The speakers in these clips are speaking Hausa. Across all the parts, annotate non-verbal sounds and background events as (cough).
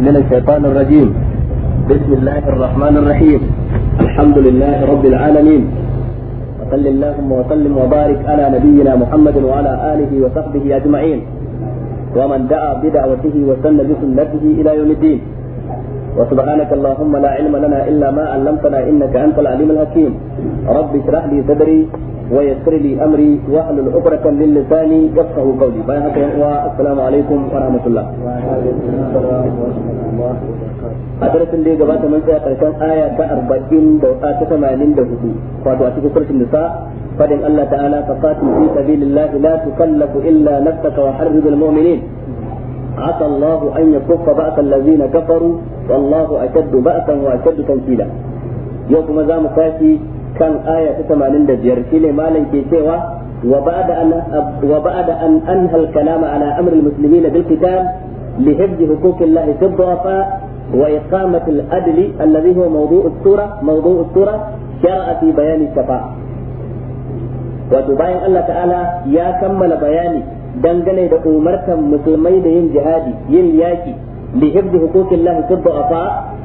من الشيطان الرجيم بسم الله الرحمن الرحيم الحمد لله رب العالمين وصل اللهم وسلم وبارك على نبينا محمد وعلى اله وصحبه اجمعين ومن دعا بدعوته وسن بسنته الى يوم الدين وسبحانك اللهم لا علم لنا الا ما علمتنا انك انت العليم الحكيم رب اشرح لي صدري ويسر لي أمري واحلل عقدة من لساني يفقه قولي باي هكا السلام عليكم ورحمة الله a da ya gabata mun tsaya karshen aya ta arba'in da ta tamanin da hudu wato a cikin surfin nisa fadin Allah ta'ala fa qatu fi sabilillahi la tukallafu illa nafsaka wa harrijul mu'minin عسى الله أن يكف بأس الذين كفروا والله أشد بأسا وأشد kuma za mu مكاسي kan aya ta 85 shine malam ke cewa wa ba'da an wa ba'da an anha al-kalama ala amr al-muslimin bil qital Allah fi dhafa wa iqamat al-adl alladhi huwa mawdu' as-sura mawdu' as fi bayan bayan Allah ta'ala ya kammala bayani dangane da umartan musulmai da yin jihadi yin yaki li hifz huquq Allah fi dhafa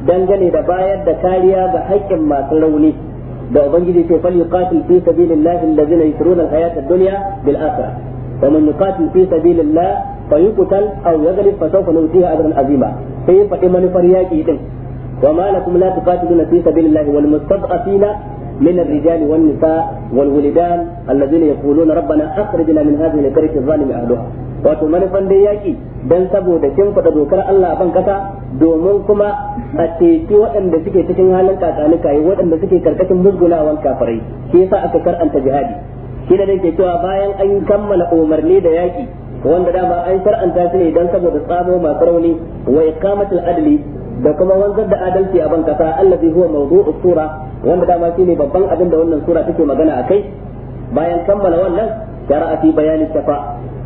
dangane da bayar da kariya ga haƙƙin masu rauni da ubangiji ce fal yuqatil fi sabilillahi allazina yusruna alhayata ad-dunya bil akhirah wa man yuqatil fi sabilillah fa yuqtal aw yaghlib fa sawfa nutihi ajran azima sai faɗi manufar yaki din wa ma lakum la tuqatiluna fi sabilillahi wal mustad'afina من الرجال والنساء والولدان الذين يقولون ربنا أخرجنا من هذه القرية الظالم أهلها wato manufan dai yaki dan saboda kin fada dokar Allah a ban kasa domin kuma a teki waɗanda suke cikin halin kakanuka yi waɗanda suke karkashin musgunawan kafirai shi yasa aka karanta jihadi shi da ke cewa bayan an kammala umarni da yaki wanda dama an shar'anta shi ne dan saboda tsamo masu rauni wa iqamatul adli da kuma wanzar da adalci a ban kasa allazi huwa mawdu'u sura wanda dama ne babban abin da wannan sura take magana akai bayan kammala wannan shara'a fi bayani shafa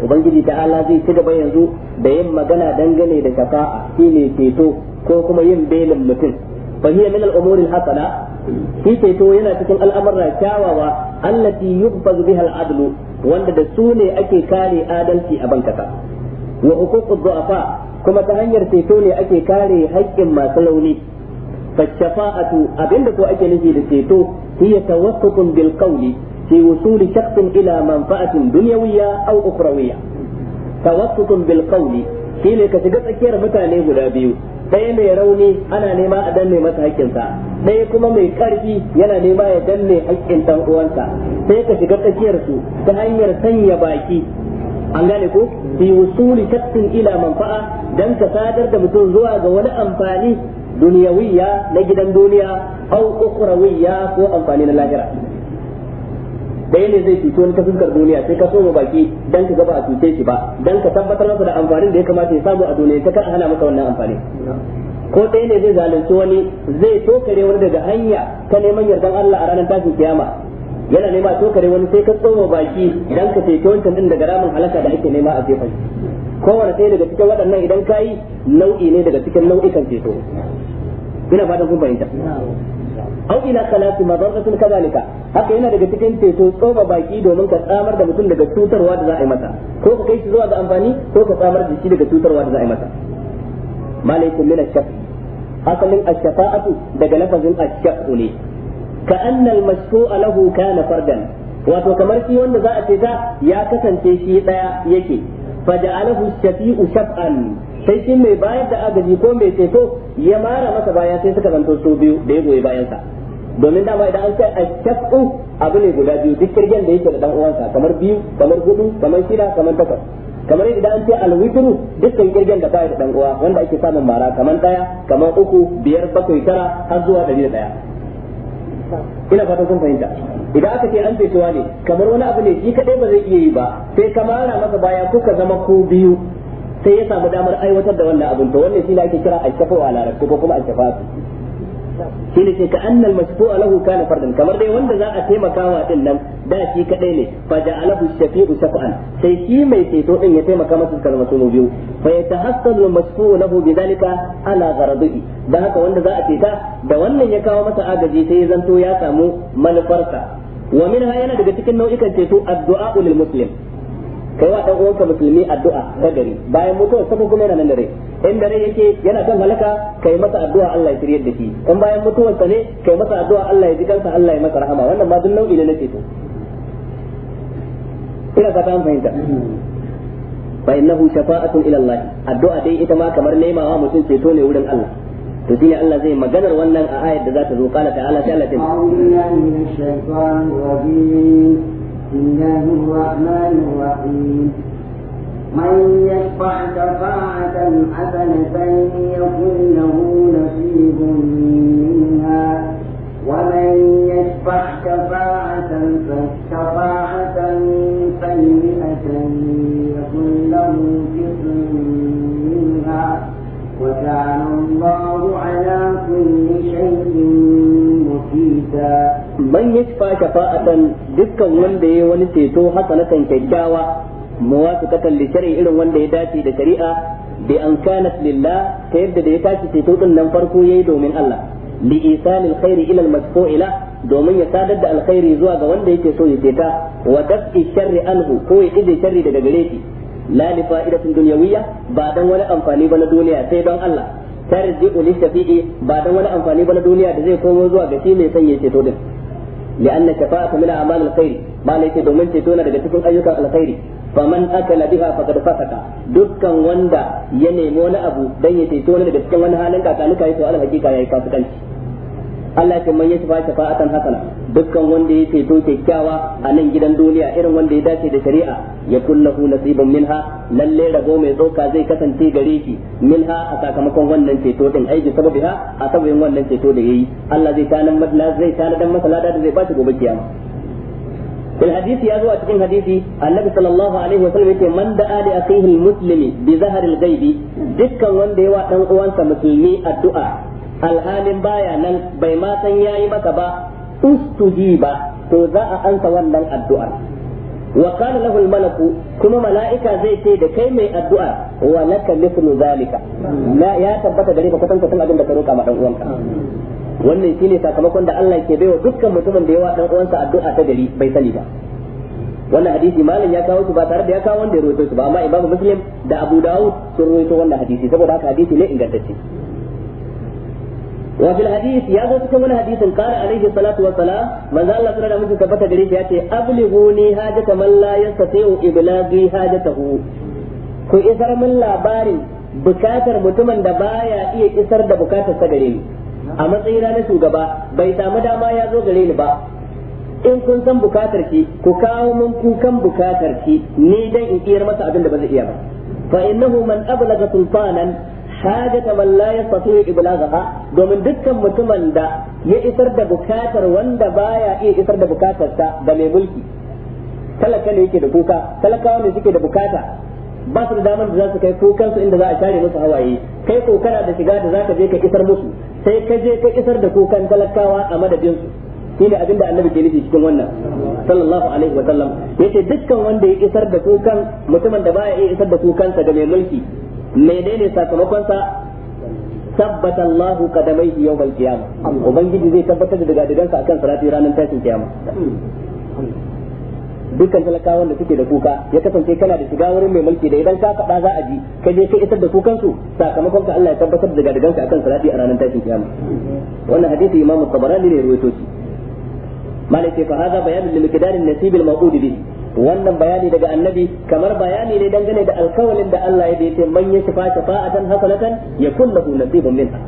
ubangiji Allah zai ci gaba yanzu da yin magana dangane da shafa'a shine ceto ko kuma yin belin mutum fa hiya min al al-hasana shi ceto yana cikin al'amuran kyawawa allati yuqbazu biha al-adlu wanda da su ne ake kare adalci a bankasa wa huququd du'afa kuma ta hanyar ceto ne ake kare haƙƙin masu rauni fashafa'atu abinda ko ake nufi da ceto hiya tawassutun bil qawli fi wusuli shakhsin ila manfa'atin dunyawiyya aw ukhrawiyya tawassutun bil qawli shine ka shiga tsakiyar mutane guda biyu ɗaya mai rauni ana nema a danne masa haƙƙinsa ɗaya kuma mai ƙarfi yana nema ya danne haƙƙin ɗan uwansa sai ka shiga tsakiyar su ta hanyar sanya baki an gane ko bi wusuli shakkin ila manfa'a dan ka sadar da mutum zuwa ga wani amfani duniyawiya na gidan duniya au ukrawiya ko amfani na lahira da ne zai fito wani ta fuskar duniya sai ka so ba baki dan ka gaba a cuce shi ba dan ka tabbatar masa da amfanin da ya kamata ya samu a duniya ta kar a hana maka wannan amfani ko ɗaya ne zai zalunci wani zai tokare wani daga hanya ta neman yardan Allah a ranar tashin kiyama yana nema tokare wani sai ka tsoma baki dan ka ceto wancan din daga ramin halaka da ake nema a gefen kowane sai daga cikin waɗannan idan kayi nau'i ne daga cikin nau'ikan ceto ina fatan kun fahimta aw ila salati madarratun kadalika haka yana daga cikin ceto tsoba baki domin ka tsamar da mutum daga cutarwa da za a yi masa ko ka kai shi zuwa ga amfani ko ka tsamar da shi daga cutarwa da za a yi masa malaikum min asalin ash daga lafazin ash ne ka anna al alahu lahu kana fardan wato kamar shi wanda za a ce ta ya kasance shi daya yake faja'alahu ash-shafi'u shaf'an sai shi mai bayar da agaji ko mai ceto ya mara masa baya sai suka zanto su biyu da ya goyi bayansa domin dama idan an kai ashaqu abu ne guda biyu duk kirgen da yake da dan uwansa kamar biyu kamar hudu kamar shida kamar takwas kamar idan an ce alwitru dukkan kirgen da baya da dan uwa wanda ake samun mara kamar daya kamar uku biyar bakwai tara har zuwa dari da daya ina fatan kun fahimta idan aka ce an cewa ne kamar wani abu ne shi kadai ba zai iya yi ba sai ka mara masa baya kuka zama ku biyu sai ya samu damar aiwatar da wannan abin to wannan shine ake kira al-shafa larabci ko kuma al-shafa'atu ne ke ka annal mashfu'a lahu kana fardan kamar dai wanda za a taimakawa din nan da shi kadai ne fa ja'alahu shafi'u shafa'an sai shi mai ceto din ya taimaka masa kalma suno biyu fa yatahassanu mashfu'u lahu bidalika ala gharadihi dan haka wanda za a ceta da wannan ya kawo masa agaji sai ya zanto ya samu manufarsa wa minha yana daga cikin nau'ikan ceto addu'a lil muslim kai wa dan uwanka musulmi addu'a ta gari bayan mutuwa sa kuma yana nan dare rai in da rai yake yana kan halaka kai masa addu'a Allah ya shiryar da shi in bayan mutuwa sa ne kai masa addu'a Allah ya ji kansa Allah ya masa rahama wannan ma duk nau'i ne na ceto ina fata an fahimta fa innahu shafa'atun ila Allah addu'a dai ita ma kamar nema wa mutum ceto ne wurin Allah to shine Allah zai maganar wannan a ayar da za ta zo qala ta'ala sai Allah ta بسم الله الرحمن الرحيم من يشفع شفاعة حسنة يكن له نصيب منها ومن يشفع شفاعة فالشفاعة سيئة يكن له كفر منها وكان الله على كل شيء مقيتا من يشفع شفاعة dukkan wanda ya wani ceto kan kyakkyawa muwafiqatan li shar'i irin wanda ya dace da shari'a bi an kanat lillah ta yadda da ya tashi ceto din nan farko yayi domin Allah li isanil khairi ila al masfu'ila domin ya sadar da alkhairi zuwa ga wanda yake so ya ceta wa daf'i sharri anhu ko ya ije sharri daga gare shi la li fa'idatin dunyawiyya ba dan wani amfani ba na duniya sai don Allah tarji'u li shafi'i ba dan wani amfani ba na duniya da zai komo zuwa ga shi mai son ya ceto din لأن الشفاعة من أعمال الخير ما ليس دومن تتونا daga cikin ayyukan alkhairi faman akala biha faqad fasaka dukkan wanda ya nemi wani abu dan ya ceto daga cikin wani halin kakanuka yayi to alhaqiqa yayi fasikanci Allah ce man ya shafa shafa'atan hasana dukkan wanda ya ceto kyakkyawa a nan gidan duniya irin wanda ya dace da shari'a ya kullahu nasiban minha lalle rabo mai tsoka zai kasance gare shi minha a sakamakon wannan ceto din ai bi sababiha a sababin wannan ceto da yayi Allah zai tanan madla zai tanadan masa lada da zai bashi gobe kiyama fil hadisi ya zo a cikin hadisi annabi sallallahu alaihi wa sallam yake man da'a li akhihi muslimi bi zahril ghaibi dukkan wanda ya wa dan uwansa musulmi addu'a alhalin baya nan bai ma san yayi masa ba ustujiba to za a ansa wannan addu'ar wa qala lahu malaku kuma mala'ika zai ce da kai mai addu'a wa laka mithlu zalika ya tabbata gare ka kwatanta abin da ka roka ma dan uwanka wannan shine sakamakon da Allah ke baiwa dukkan mutumin da yawa dan uwansa addu'a ta gari bai sani ba wannan hadisi malam ya kawo shi ba tare da ya kawo wanda ya rawaito shi ba amma imamu muslim da abu dawud sun rawaito wannan hadisi saboda haka hadisi ne ingantacce وفي الحديث يا ذو من حديث قال عليه الصلاة والسلام من ذا الله سنة مجد ne haja ياتي أبلغوني حاجة من لا يستطيع إبلاغي حاجته ku isar min labarin bukatar mutumin da baya iya isar da bukatar sa gare ni a matsayina na shugaba bai samu dama ya zo gare ni ba in kun san bukatar ki ku kawo min kukan bukatar ki ni dan in iyar masa abin da ba zai iya ba fa innahu man ablaga sultanan hajata man la yastati iblagha domin dukkan mutumin da ya isar da bukatar wanda baya iya isar da bukatarsa ga mai mulki talaka ne yake da kuka talakawa ne suke da bukata ba su da damar da za su kai kukan su inda za a share musu hawaye kai kokara da shiga da za ka je ka isar musu sai ka je ka isar da kukan talakawa a madadin su shine abinda da annabi ke nufi cikin wannan sallallahu alaihi wa sallam yace dukkan wanda ya isar da kukan mutumin da baya iya isar da kukan sa da mai mulki menene sakamakon sa tabbata Allahu yau bal kiyama ubangiji zai tabbatar da digadigansa akan sarati ranar tashin kiyama dukkan talakawan da suke da kuka ya kasance kana da shiga wurin mai mulki da idan ka faɗa za a ji ka je kai isar da kukan su sakamakon ka Allah ya tabbatar da daga ka akan salati a ranar tashin kiyama wannan hadisi imamu tabarani ne ruwaito shi malaka fa hada bayanin lil miqdarin nasib al maqud bihi wannan bayani daga annabi kamar bayani ne dangane da alkawalin da Allah ya dace man ya shafa shafa'atan hasanatan yakun lahu nasibun minha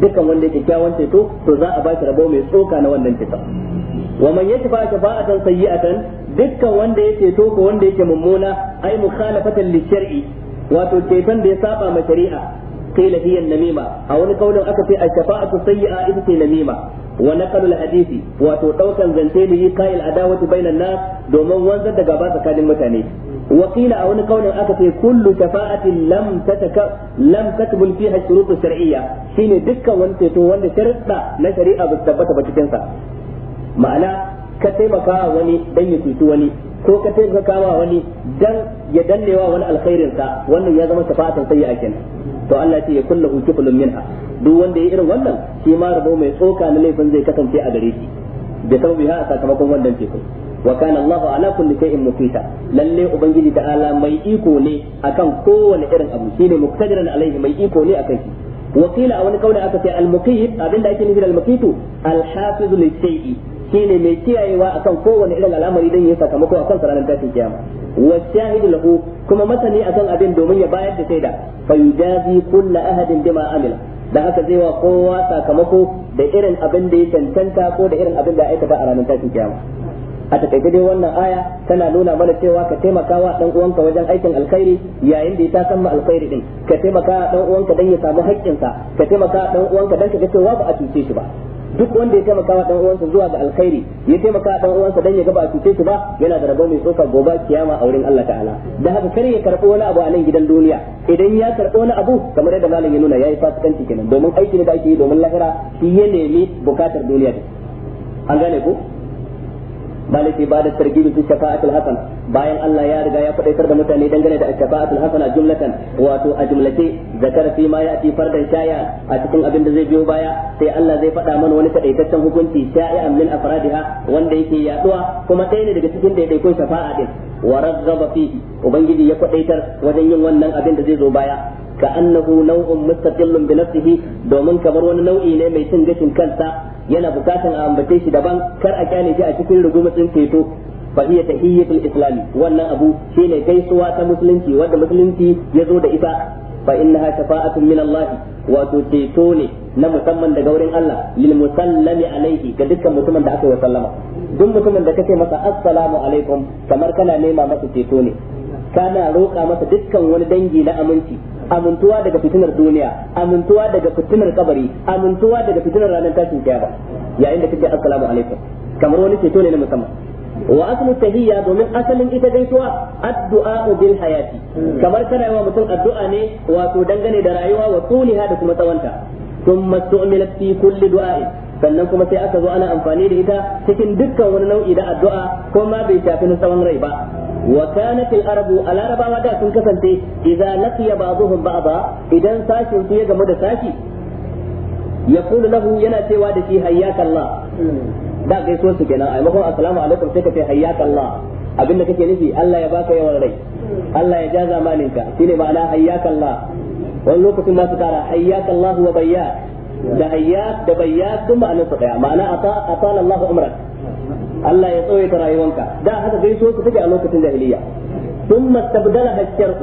dukkan wanda yake kyawun ceto to za a ba shi rabo mai tsoka na wannan kitab wa man ya ta fa'atan sayyi'atan dukkan wanda ya ceto ko wanda yake mummuna ai mukhalafatan lishar'i shar'i wato ceton da ya saba ma shari'a قيل هي النميمة أو نقول أكفي الشفاعة السيئة إذ في نميمة ونقل الحديث وتوتوكا زنتين قاء العداوة بين الناس دوما وانزد دقابات كان متاني وقيل أو نقول أكفي كل شفاعة لم تتك لم تكمل فيها الشروط الشرعية حين دكا وانتتو وانت شرطة نشريئة بالثبت بتكنسا ma'ana ka taimaka wani dan ya cuci wani ko ka taimaka wa wani dan ya dannewa wani alkhairin sa wannan ya zama shafa'atan sayyi'a kenan to Allah ce ya kullahu kiflun minha duk wanda ya irin wannan shi ma rabo mai tsoka na laifin zai kasance a gare shi da sababi ha sakamakon wannan teku wa kana Allahu ala kulli shay'in mufita lalle ubangiji ala mai iko ne akan kowane irin abu shine muqtadiran alaihi mai iko ne akan shi wa qila wani kauli aka ce al muqit abinda ake nufi da al muqitu al hafiz li shay'i shine mai kiyayewa akan kowane irin al'amari dan yin sakamako akan ranar tashin kiyama wa shahidu lahu kuma masani akan abin domin ya bayar da shaida fa yujazi kullu ahadin bima amila da haka zai wa kowa sakamako da irin abin da ya cancanta ko da irin abin da ya aikata a ranar tashin kiyama a takaice dai wannan aya tana nuna mana cewa ka taimaka wa dan uwanka wajen aikin alkhairi yayin da ya san ma alkhairi din ka taimaka dan uwanka dan ya samu haƙƙinsa ka taimaka dan uwanka dan ka ga cewa ba a cuce shi ba duk wanda ya taimaka wa dan uwansa zuwa ga alkhairi ya taimaka wa dan uwansa dan ya ga ba a cuce shi ba yana da rabo mai tsoka gobe kiyama a wurin Allah ta'ala da haka kare ya karbo wani abu a nan gidan duniya idan ya karbo wani abu kamar yadda malam ya nuna yayi fasikanci kenan domin aiki ne da ake yi domin lahira shi ya nemi bukatar duniya an gane ko malik ibada targibi fi shafa'atul hasan bayan Allah ya riga ya fadaitar da mutane dangane da shafa'atul hasana jumlatan wato a jumlace zakar fi ma ya'ti fardan shaya a cikin abin da zai biyo baya sai Allah zai fada mana wani kadaitaccen hukunci sha'i'an min afradiha wanda yake yaduwa kuma ɗaya ne daga cikin daidaikon shafa'a din wa raghaba fihi ubangiji ya kwadaitar wajen yin wannan abin da zai zo baya ka annahu naw'un mustaqillun bi nafsihi domin kamar wani nau'i ne mai cin gashin kansa yana bukatan a ambace shi daban kar a kyale shi a cikin rugumutsin ceto fa hiya tahiyyatul islami wannan abu shine gaisuwa ta musulunci wanda musulunci ya zo da ita fa innaha shafa'atun min Allah wato ceto ne na musamman daga wurin Allah lil musallami alaihi ga dukkan mutumin da aka yi sallama duk mutumin da kace masa assalamu alaikum kamar kana nema masa ceto ne kana roƙa masa dukkan wani dangi na aminci amintuwa daga fitinar duniya amintuwa daga kabari amintuwa daga tashin kamar wani ceto ne na musamman wa aslu domin asalin ita gaisuwa addu'a bil hayati kamar kana mutum addu'a ne wato dangane da rayuwa wa tuliha da kuma tsawanta thumma tu'milat fi kulli du'a'i sannan kuma sai aka zo ana amfani da ita cikin dukkan wani nau'i da addu'a ko ma bai shafi na tsawon rai ba na وكانت a larabawa ودا sun kasance idza laqiya ba'dhum ba'dha idan sashin su ya gamu da sashi yaqulu lahu yana cewa da shi hayyakallah da kai so su kenan a maimakon assalamu alaikum sai ka ce hayyakallah abinda kake nufi Allah ya baka yawan rai Allah ya jaza malinka shine ma'ana hayyakallah wani lokacin ma su kara hayyakallah wa bayya da hayya da bayya sun ma'anar su daya ma'ana atala Allah umrak Allah ya tsawaita rayuwanka da haka gaiso su take a lokacin jahiliya ثم استبدلها الشرع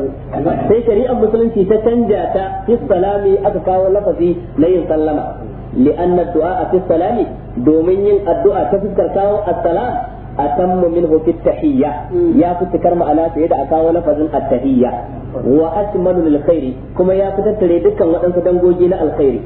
sai shari'ar musulunci ta canja ta fi salami aka kawo lafazi na yin sallama لأن الدعاء في السلام دومين الدعاء تفكر كاو السلام أتم منه في التحية يا فتكر معنا سيد أكاو لفظ التحية وأتمن للخير كما يا فتكر دكا وأنت دنجوجين الخير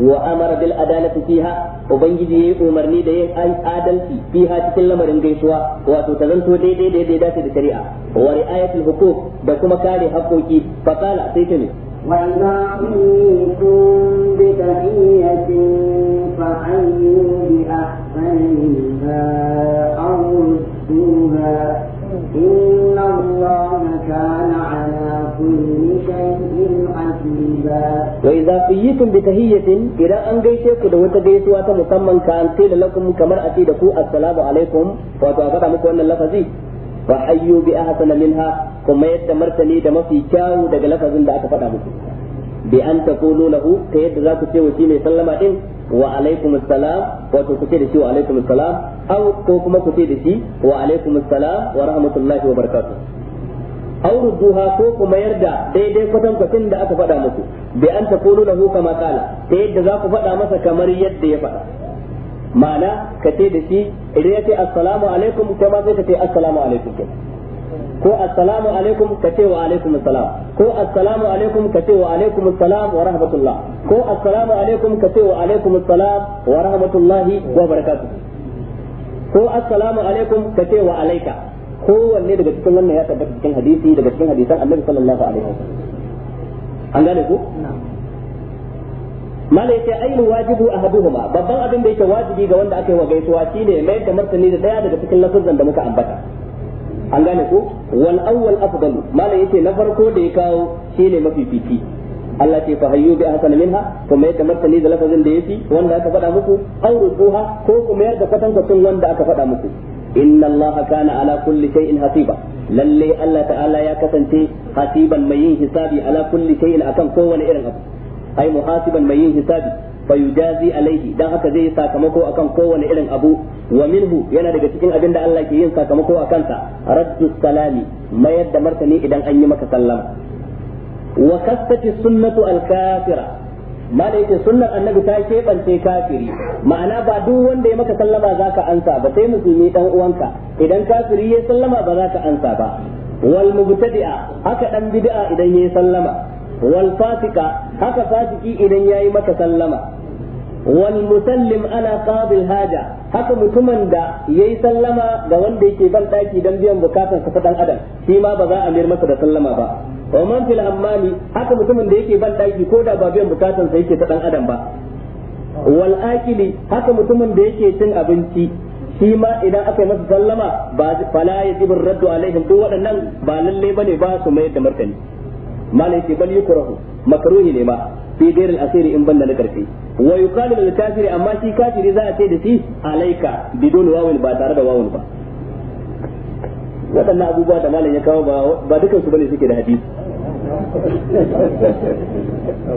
وأمر بالعدالة فيها ubangiji ya umarni da yin adalci fi ha cikin lamarin gaisuwa wato ta zanto daidai da ya dace da shari'a wa ri'ayatul hukuk da kuma kare haƙoƙi fa qala sai ta ne ويباويكم بتحية فحيوا بأحسن منها أو ردوها إن الله كان على كل شيء حسيبا وإذا حييتم بتحية إذا أنجيتك لو تجيتوا مسمى كان قيل لكم كما أتي السلام عليكم وأتوا أفتح لكم اللفظي wa ayyu bi ahsana minha kuma yadda martani da mafi kyawu daga lafazin da aka faɗa muku bi an taqulu lahu ta yadda za ku ce wa shi mai sallama din wa alaikum assalam wato ku ce da shi wa alaikum assalam aw ko kuma ku ce da shi wa alaikum assalam wa rahmatullahi wa barakatuh aw rudduha ko kuma yarda daidai kwatan kwatin da aka faɗa muku bi an taqulu lahu kama kala ta yadda za ku faɗa masa kamar yadda ya faɗa ma'ana ka ce da shi idan ya ce assalamu alaikum kai ma sai ka ce assalamu alaikum kai ko assalamu alaikum ka ce wa alaikum assalam ko assalamu alaikum ka ce wa alaikum assalam wa rahmatullah ko assalamu alaikum ka ce wa alaikum assalam wa rahmatullahi wa barakatuh ko assalamu alaikum ka ce wa alaika wanne daga cikin wannan ya tabbata cikin hadisi daga cikin hadisan annabi sallallahu alaihi wasallam an gane ko mala yace ainu wajibu ahaduhuma babban abin da yake wajibi ga wanda aka yi wa gaisuwa shine mai da martani da daya daga cikin lafazan da muka ambata an gane ko wal awwal afdal mala yace na farko da ya kawo shine mafi fifi Allah ce fa hayyu bi ahsan minha kuma yadda martani da lafazin da yafi wanda aka faɗa muku aw rusuha ko kuma yadda sun wanda aka faɗa muku inna allaha kana ala kulli shay'in hasiba lalle Allah ta'ala ya kasance hasiban mai yin hisabi ala kulli shay'in akan kowane irin abu ai muhasiban mai yin hisabi fayujazi alaihi dan haka zai yi sakamako akan kowane irin abu wa minhu yana daga cikin abin da Allah ke yin sakamako a kansa raddu salami mayar da martani idan an yi maka sallama wa kasati sunnatu alkafira ma da yake sunnar annabi ta keɓance kafiri ma'ana ba duk wanda ya maka sallama zaka ansa ba sai musulmi dan uwanka idan kafiri ya sallama ba ka ansa ba wal mubtadi'a haka dan bid'a idan ya sallama wal haka fasiki idan yayi maka sallama wal musallim ala qabil haja haka mutumin da yayi sallama ga wanda yake ban daki dan biyan bukatun sa dan adam shi ma ba za a mayar masa da sallama ba wa man fil hammami haka mutumin da yake ban daki ko da ba biyan bukatun sa yake ta dan adam ba wal akili haka mutumin da yake cin abinci shi ma idan aka yi masa sallama ba fala yajibu raddu alaihim to waɗannan ba lalle bane ba su mayar da martani malai ce bal yukrahu makruhi ne ma fi ghairi al-asiri in banda na karfi wa yuqalu lil kafiri amma shi kafiri za a ce da shi Alayka bidon wawun ba tare da wawun ba waɗannan abubuwa da malai ya kawo ba dukan su bane suke da hadisi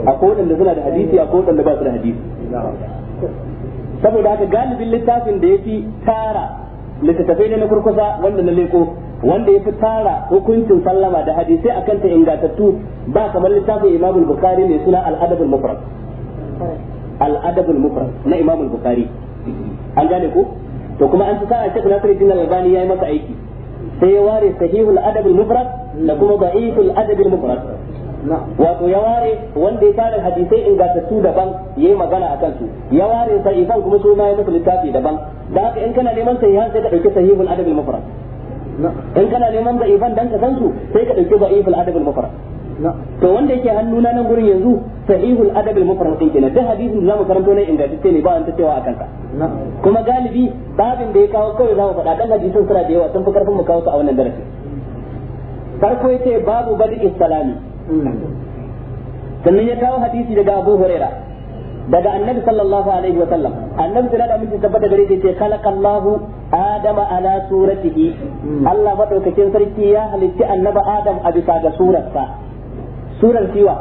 akwai waɗanda suna da hadisi akwai waɗanda ba su da hadisi saboda haka galibin littafin da ya fi tara littattafai ne na kurkusa wanda na leko wanda ya fi tara hukuncin sallama da hadisai akan ta ingantattu ba kamar littafin Imam bukhari suna al-Adab al-Mufrad al-Adab al-Mufrad na Imam bukhari an gane ko to kuma an tsara Sheikh Nasiruddin Al-Albani yayi masa aiki sai ya ware sahihul adab al-mufrad da kuma da'iful adab al-mufrad wato ya ware wanda ya tara hadisai ingantattu daban yayi magana akan su ya ware sahifan kuma su ma ya masa daban da haka in kana neman sahihan sai ka dauki sahihul adab al-mufrad in kana neman da'ifan dan ka san su sai ka dauki da'iful adab al mufrad to wanda yake hannuna nan gurin yanzu sahihul adab al mufrad din kenan da hadisin zamu karanto ne inda take ne ba an ta cewa akan ka kuma galibi babin da ya kawo kawai zamu faɗa dan hadisin sura da yawa sun fi karfin mu kawo su a wannan darasi farko yace babu badi islami sannan ya kawo hadisi daga Abu Huraira daga Annabi sallallahu alaihi wa sallam Annabi sallallahu alaihi wa sallam tabbata gare shi ce kalakallahu adama ala suratihi hmm. Allah madaukakin sarki ya halitti annaba adam a bisa ga surarsa surar siwa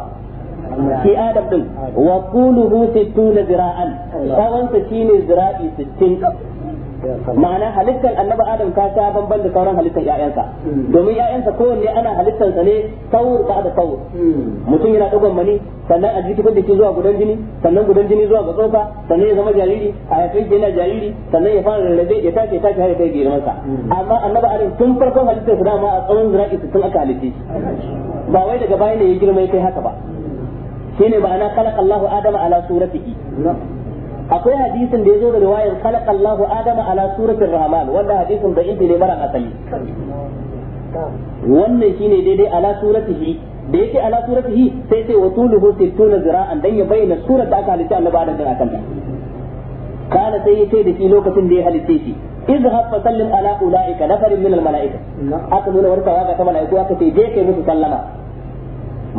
shi adam ɗin, wa quluhu 60 zira'an tsawon sa shine zira'i 60 ma'ana halittar annabi adam ka ta banban da sauran halittar ya'yansa. domin ya'yansa kowanne ana halittar sa ne tawur ba da tawur mutum yana dogon mani sannan a jikin da ke zuwa gudan jini sannan gudan jini zuwa ga tsoka sannan ya zama jariri a yayin ke yana jariri sannan ya fara rarrabe ya tashi ya tashi har ya kai girman sa amma annabi adam tun farkon halittar sa dama a tsawon zira'i tun aka halitta ba wai daga baya ne ya girma ya kai haka ba shine ma'ana khalaqa Allahu Adama ala suratihi akwai hadisin da ya zo da riwayar khalaqallahu adama ala suratir rahman wanda hadisin da ne mara asali wannan shine daidai ala suratihi da yake ala suratihi sai sai watuluhu sittuna zira'an dan ya bayyana surat da aka halitta annabi adam din akan ta kana sai yace da shi lokacin da ya halitta shi izhab fa sallim ala ulaika nafarin min al malaika aka nuna warkawa ga ta malaiku aka sai je kai musu sallama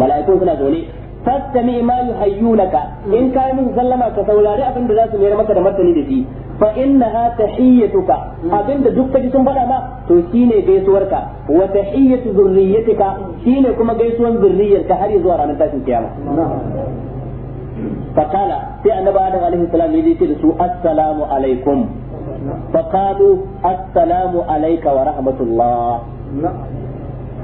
malaiku suna zaune fastami ma yuhayyunaka in ka min sallama ka saurari abin da za su mayar maka da martani da shi fa innaha tahiyyatuka abinda duk kaji sun faɗa ma to shine gaisuwarka wa tahiyyatu zurriyyatika shine kuma gaisuwan zurriyarka har zuwa ranar tashin kiyama فقال في أن بعد عليه السلام يجي السلام عليكم فقالوا السلام عليك ورحمة الله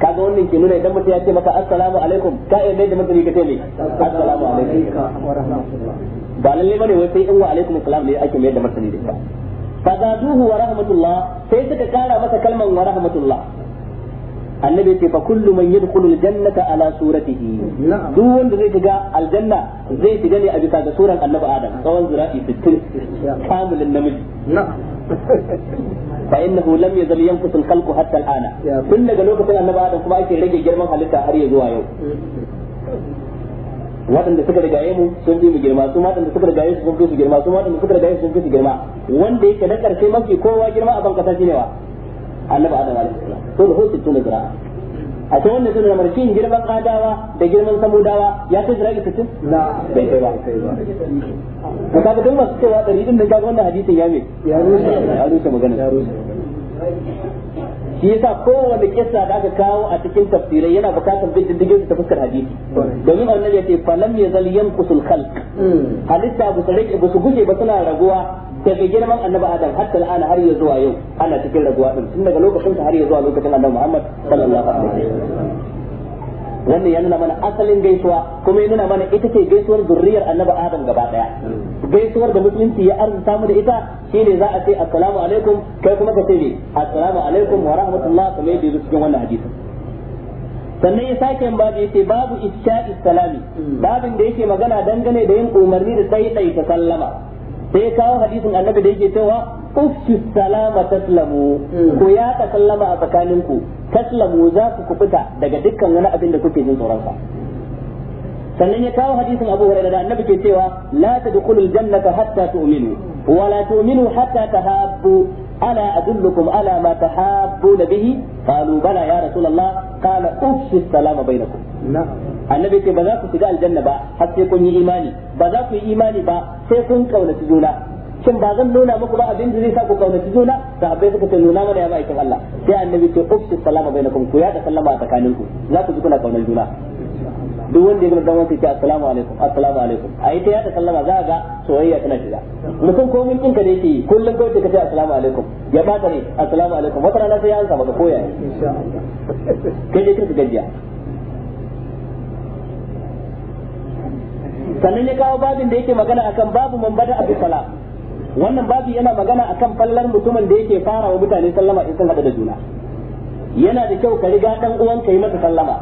kaga wannan ke nuna idan mutum ya ce maka assalamu alaikum ka iya mai da mutum ka ce mai assalamu alaikum ba lalle bane wai sai in wa alaikum assalam ne ake mai da martani da ka fa zaduhu wa rahmatullah sai suka kara masa kalman wa rahmatullah annabi yace fa kullu man yadkhulul jannata ala suratihi duk wanda zai shiga aljanna zai shiga ne a bisa ga suran annabi adam tsawon zura'i 60 kamilin namiji (laughs) fa innahu lam yazal yanqusul khalqu hatta al'ana Kun daga lokacin annabi adam kuma ake rage girman halitta har ya zuwa yau waɗanda suka rigaye mu sun fi mu girma su waɗanda suka rigaye su sun fi su girma su waɗanda suka rigaye su sun fi su girma wanda yake na ƙarshe mafi kowa girma a ban kasa shine wa annabi adam alaihi salam to da hosi a wannan girman adawa da girman samudawa ya jira zira'i sittin na bai kai ba ka ga duk masu cewa ɗari din da ga wannan hadisin ya me ya rusa ya rusa magana ya rusa shi yasa kowane kissa da aka kawo a cikin tafsirai yana bukatar bin diddigin ta fuskar hadisi domin annabi ce falam yazal yanqusul khalq hmm. halitta bu sarai bu su guje ba suna raguwa daga girman annabi adam ta al'an har yanzu zuwa yau ana cikin raguwa din tun daga lokacin har yanzu lokacin annabi Muhammad sallallahu alaihi wasallam wannan ya nuna mana asalin gaisuwa kuma ya nuna mana ita ce gaisuwar zurriyar annabi adam gaba daya gaisuwar da musulunci ya arzuta mu da ita ne za a ce assalamu alaikum kai kuma ka ce ne assalamu alaikum wa rahmatullah kuma yadda yake cikin wannan hadisi sannan ya sake babu yace babu isha'i salami babin da yake magana dangane da yin umarni da sai ta sallama sai kawo hadisin annabi da yake cewa uffi salama taslamu mm. ku ya ta sallama a tsakaninku taslamu za ku kubuta daga dukkan wani abin da kuke jin tsoron sannan ya kawo hadisin Abu Hurairah da annabi ke cewa la tadkhulul jannata hatta tu'minu wa la tu'minu hatta tahabbu ألا أدلكم ala mata تحابون به قالوا بلى يا رسول الله قال أفشي السلام بينكم نعم annabi ce ba za ku shiga aljanna ba har sai kun yi imani ba za ku yi imani ba sai kun kaunaci juna shin ba zan nuna muku ba abin da zai sa ku kaunaci juna da abai suka ce nuna mana ya ma'aikin Allah sai annabi ce ufsi salama bainakum ku ya da sallama a tsakaninku za ku ji kuna kaunar juna duk wanda ya ga dama sai ce assalamu alaikum assalamu alaikum ayi ta yada sallama za a ga soyayya tana shiga mutum ko min kinka da yake kullum kawai ka ce assalamu alaikum ya baka ne assalamu alaikum wata rana sai ya ansa maka koya kai dai kirka gajiya sannan ya kawo babin da yake magana akan babu Mambada bada abu sala wannan babi yana magana akan fallar mutumin da yake fara wa mutane sallama in sun hada da juna yana da kyau ka riga dan uwan ka yi masa sallama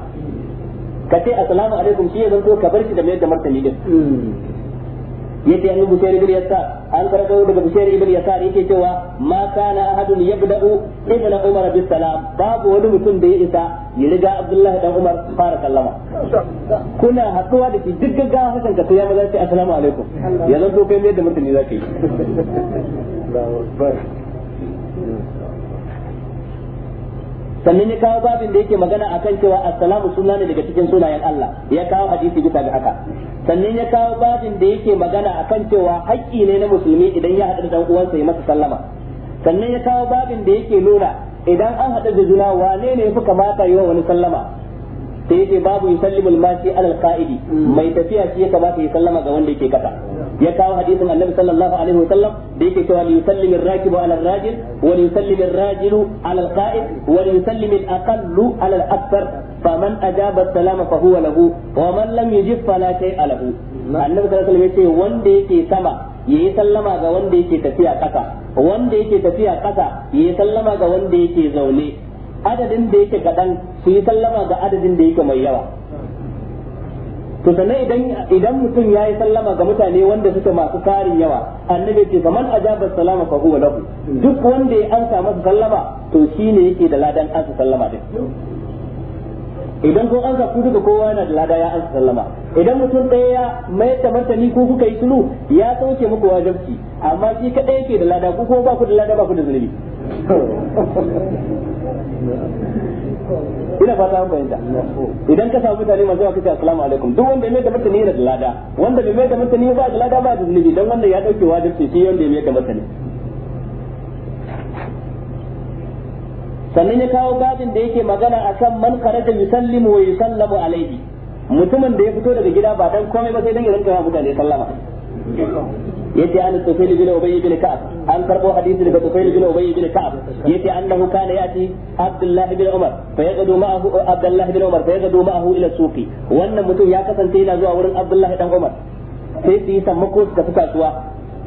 ka ce assalamu alaikum shi ya zanto ka bar shi da mai da martani din yace an bushair ibn yasar an karɓo daga bushair ibn yasar yake cewa ma kana ahadun yabda'u ibn umar bi salam babu wani mutum da ya isa ya riga abdullahi dan umar fara sallama kuna haɗuwa da shi duk gaggawa hakan ka sai ya maza ce assalamu alaikum ya zanto kai mai da martani zaka yi sannan ya kawo babin da yake magana akan cewa assalamu sunna ne daga cikin sunayen Allah ya kawo hadisi bisa ga haka sannan ya kawo babin da yake magana akan cewa haƙƙi ne na musulmi idan ya haɗu da dan uwansa ya masa sallama sannan ya kawo babin da yake nuna idan an haɗu da juna wane ne ya fi kamata yi wa wani sallama sai yace babu yusallimu al masi ala al-qa'idi mai tafiya shi ya kamata ya sallama ga wanda yake kasa ya kawo hadisin annabi sallallahu alaihi wa sallam da yake cewa yusallimu ar-rakibu ala ar-rajil wa yusallimu ar-rajilu ala al-qa'id wa yusallimu al-aqallu ala al-akthar faman ajaba as-salama fa huwa lahu wa man lam yujib fala shay'a lahu annabi sallallahu alaihi wa sallam yace wanda yake sama yayi sallama ga wanda yake tafiya kasa wanda yake tafiya kasa yayi sallama ga wanda yake zaune adadin da yake kaɗan su yi sallama ga adadin da yake mai yawa to sannan idan idan mutum ya yi sallama ga mutane wanda suke masu karin yawa annabi ce faman ajaba salama fa huwa lahu duk wanda ya ansa masa sallama to shine yake da ladan ansa sallama din idan ko ansa ku duka kowa yana da lada ya ansa sallama idan mutum ɗaya ya mai da martani ko kuka yi sulu ya sauke muku wajibci amma shi kadai yake da lada ku ko ba ku da lada ba ku da zunubi ina fata an bayyana idan ka samu mutane masu kace assalamu alaikum duk wanda ya mai da mutane da lada wanda bai mai da mutane ba da lada ba da zunubi dan wanda ya dauke wajibi shi wanda ya mai da mutane sannan ya kawo babin da yake magana akan man kharaja yusallimu wa yusallamu alaihi mutumin da ya fito daga gida ba dan komai ba sai dan ya rinka mutane sallama yace an tufayl bin ubay an karbo hadisi daga tufayl bin ubay bin ka'ab yace annahu kana yati bin umar fa ma'ahu abdullah bin umar fa ma'ahu ila suqi wannan mutum ya kasance yana zuwa wurin abdullah dan umar sai su yi su tafi kasuwa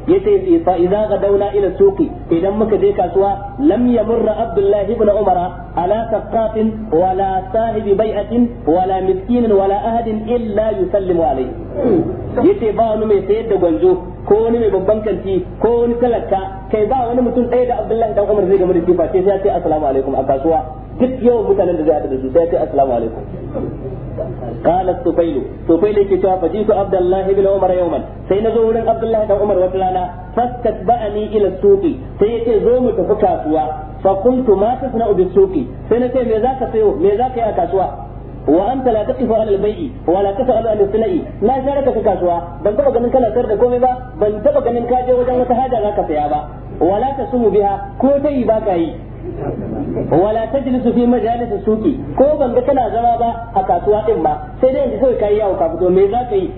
yace fa idza gadawna ila suqi idan muka je kasuwa lam yamurra abdullahi ibn umara ala saqatin wala sahibi bai'atin wala miskinin wala ahadin illa yusallimu alayhi yace ba wani mai sayar da gwanzo ko wani mai babban kanti ko wani talaka kai ba wani mutum ɗaya da abdullahi dan umar zai gamu da shi ba sai ya ce assalamu alaikum a kasuwa duk yawan mutanen da zai haɗu da su sai ya ce assalamu alaikum قال الطفيل طفيل كتاب فجئت عبد الله بن عمر يوما sai na zo wurin Abdullahi da Umar wata rana fastasba'ani ila suqi sai yace zo mu tafi kasuwa fa kuntu ma tasna'u bi suqi sai na ce me zaka sayo me zaka yi a kasuwa wa anta la taqifu ala al-bai'i wa la tas'alu an sunai la sharaka fi kasuwa ban taba ganin kana sayar da komai ba ban taba ganin ka je wajen wata haja ka saya ba wala mu biha ko tai ba ka yi wala su fi majalisa suki ko ban ga tana zama ba a kasuwa din ba sai dai yanzu sai kai yawo ka fito me za ka yi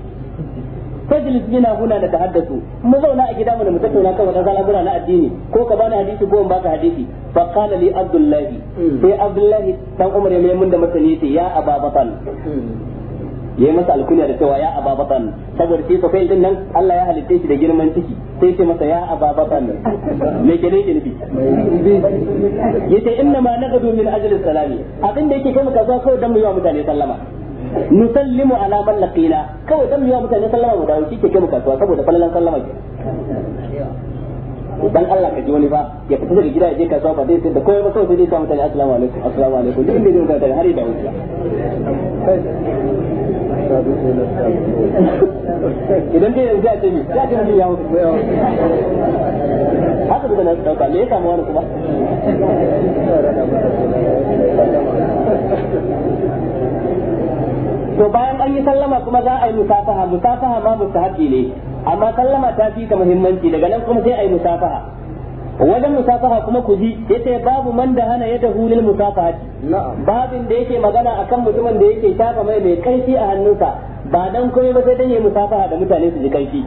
su bina huna da haddasu mu zauna a gida mu da mu tattauna kan wadannan al'amura na addini ko ka bani hadisi ko in baka hadisi fa qala li abdullahi hmm. sai abdullahi dan umar ya mai mun da masani ya ababatan hmm. ya yi masa alkunya da cewa ya ababatan saboda shi sufyan din nan Allah ya halitta shi da girman ciki sai ce masa ya ababatan me ke dai nufi yace inna ma naqadu min ajli salami abin da yake kai mu kaza kawai dan mu yi wa mutane sallama nusallimu ala man laqina kawai dan mu yi wa mutane sallama mu dawo kike kai mu kasuwa saboda fallan sallama ke dan Allah ka ji wani ba ya fita daga gida ya je kasuwa ba zai sai da kowa ba kawai sai dai ka mutane assalamu alaikum assalamu alaikum duk inda zai mutane har da wuce idan dai yanzu ya ce mi za ce mutum ya mutu haka duka dauka me ya samu wani kuma to bayan an yi sallama kuma za a yi musafaha musafaha ma mustahabi ne amma sallama ta fi ka muhimmanci daga nan kuma sai a yi musafaha wajen musafaha kuma ku ji yace babu man da hana ya lil musafaha. babin da yake magana akan mutumin da yake shafa mai mai kaifi a hannunsa ba dan komai ba sai dan yayi musafaha da mutane su ji kaifi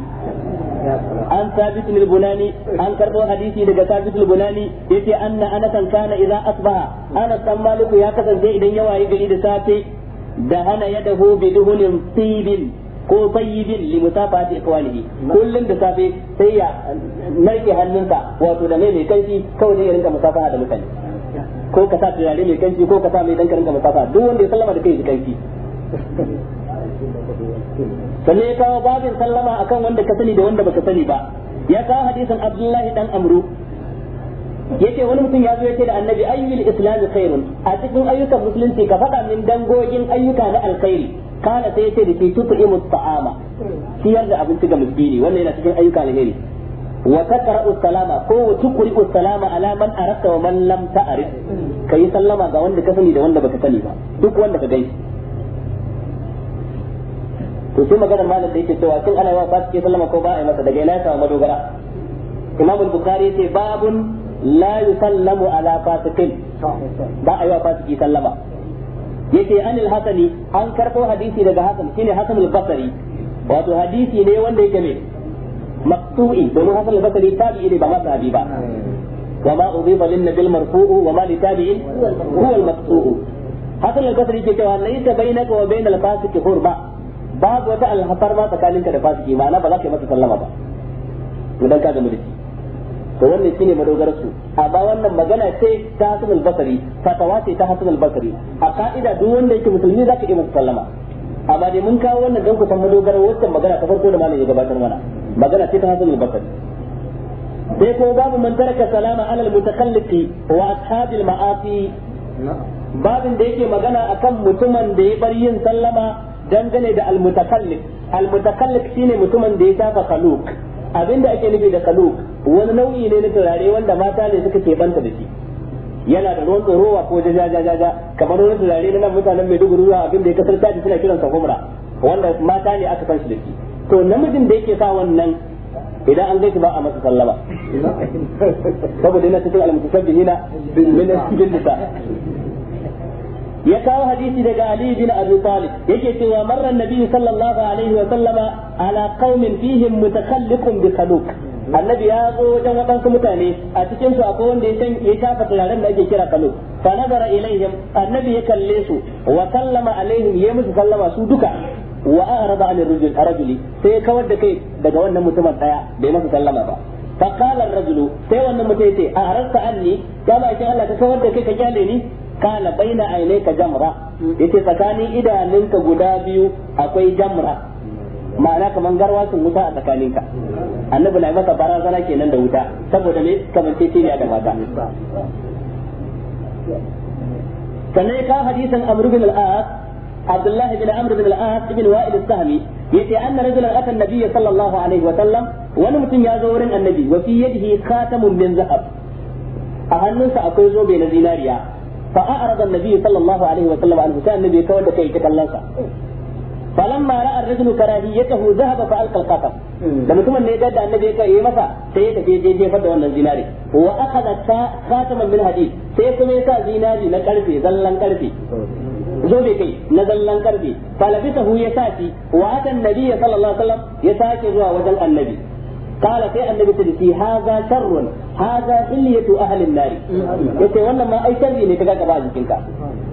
an sabit bunani an karbo hadisi daga sabit bin bunani yace anna anatan kana idza asbaha ana san maliku ya kasance idan ya wayi gari da safe da hana ya yadahu bi duhunin tibin ko tayyibin li musafati ikwanihi kullun da safe sai ya narke hannunsa wato da mai mai kanshi kawai zai rinka musafaha da mutane ko ka sa turare mai kanshi ko ka sa mai danka rinka musafaha duk wanda ya sallama da kai ji kanshi sannan ya kawo babin sallama akan wanda ka sani da wanda baka sani ba ya kawo hadisin Abdullahi dan Amru yace wani mutum ya zo yace da annabi ayyul islam khairun a cikin ayyukan musulunci ka faɗa min dangogin ayyuka na alkhairi kana sai yace da ke tutu'imu ta'ama siyar da abinci ga miskini wannan yana cikin ayyuka na alheri wa taqra'u salama ko wa tuqri'u salama ala man arafta wa man lam ta'rif kai sallama ga wanda ka sani da wanda baka sani ba duk wanda ka gani to sai maganar malam da yake cewa kin ana yawa ba ke sallama ko ba a yi masa daga ina ya samu madogara imam bukhari yace babun la sallamu ala fasiqin ba a yi sallama yace hasani an karbo hadisi daga hasan shine hasan al-basri wato hadisi ne wanda yake ne maqtu'i domin hasan al-basri tabi'i ne ba ba hasan al cewa laysa bainaka wa bainal hurba babu wata alhafar tsakaninka da fasiki ma'ana ba za ka yi masa sallama ba ka ga mulki to wannan shine madogarar su ba wannan magana ce ta Hasan al-Basri fatawa ce ta Hasan al-Basri a ka'ida duk wanda yake musulmi zaka iya musallama sallama amma dai mun kawo wannan dan kusan madogarar wannan magana ta farko da malamin ya gabatar mana magana ce ta Hasan al-Basri sai ko babu man taraka salama alal mutakallifi wa ashabil ma'afi babin da yake magana akan mutumin da ya bar yin sallama dangane da al-mutakallif shine mutumin da ya tafa kaluk Abin da ake nufi da kalu wani nau'i ne na turare wanda mata ne suka keɓanta da shi yana da ruwan tsorowa ko jajajajaja kamar wani turare na nan mutanen mai duguru zuwa da ya kasar tashi suna kiransa humra wanda mata ne aka san shi da shi to namijin da yake sa wannan idan an gaisu ba a masa sallama saboda yana cikin almutasabbihin bin bin nisa ya kawo hadisi daga Ali bin Abi Talib yake cewa marra Nabi sallallahu alaihi wa sallama ala qaumin fihim mutakalliqun bi khaluq annabi ya zo wajen wadansu mutane a cikin su akwai wanda ya san ya shafa turaren da ake kira kalo fa nazara ilaihim annabi ya kalle su wa sallama alaihim ya musu sallama su duka wa a'rada rajul rajuli sai ya kawar da kai daga wannan mutumin daya bai masa sallama ba fa qala ar-rajulu sai wannan mutum a arasta anni kana kin Allah ka kawar da kai ka kyale ni kana baina ka jamra yace tsakanin idanunka guda biyu akwai jamra ma'ana kamar garwa sun wuta a tsakaninka annabi na masa barazana kenan da wuta saboda me kamance ce da mata sannan ka hadisan amr bin al-as abdullah bin amr bin al-as ibn wa'il as-sahmi yace anna rajulan ata an-nabiy sallallahu alaihi wa sallam wani mutum ya zo wurin annabi wa fi yadihi khatamun min zahab a hannunsa akwai zobe na zinariya fa a'rada an-nabi sallallahu alaihi wa sallam anhu sai annabi ya kawar da kai ta kallon sa falamma ra'a ar-rajulu karahiyatahu dhahaba fa alqa al-qatam da mutumin ne da annabi ya yi masa sai ya tafi je je da wannan zinari wa akhadha khataman min hadid sai kuma ya sa zinari na karfe zallan karfe zobe kai na zallan karfe hu ya sati wa atan nabiyyi sallallahu alaihi wasallam ya sake zuwa wajen annabi قال في النبي تدي هذا شر هذا حلية أهل النار يقول وانا ما أي شر ne kaga gaba jikinka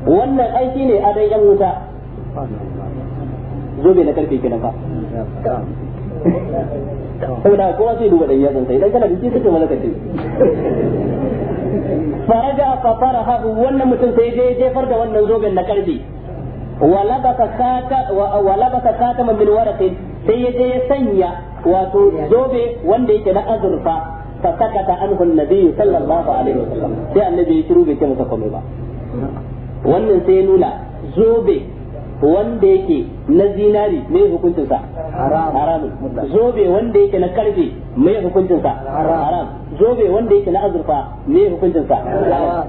wannan ai shine adai yan wuta zobe na karfe kenan fa saboda kowa zai duba dan yatsan sai dan kana da shi suka malaka ce faraja fa faraha wannan mutum sai je jefar da wannan zoben na karfe wa sai ya je ya sanya wato zobe wanda yake na azurfa fa sakata anhu annabi sallallahu alaihi wasallam sai annabi ya shiru bai ce masa komai ba wannan sai ya nuna zobe wanda yake na zinari mai sa? haram zobe wanda yake na karfe mai sa? haram zobe wanda yake na azurfa mai hukuncinsa haram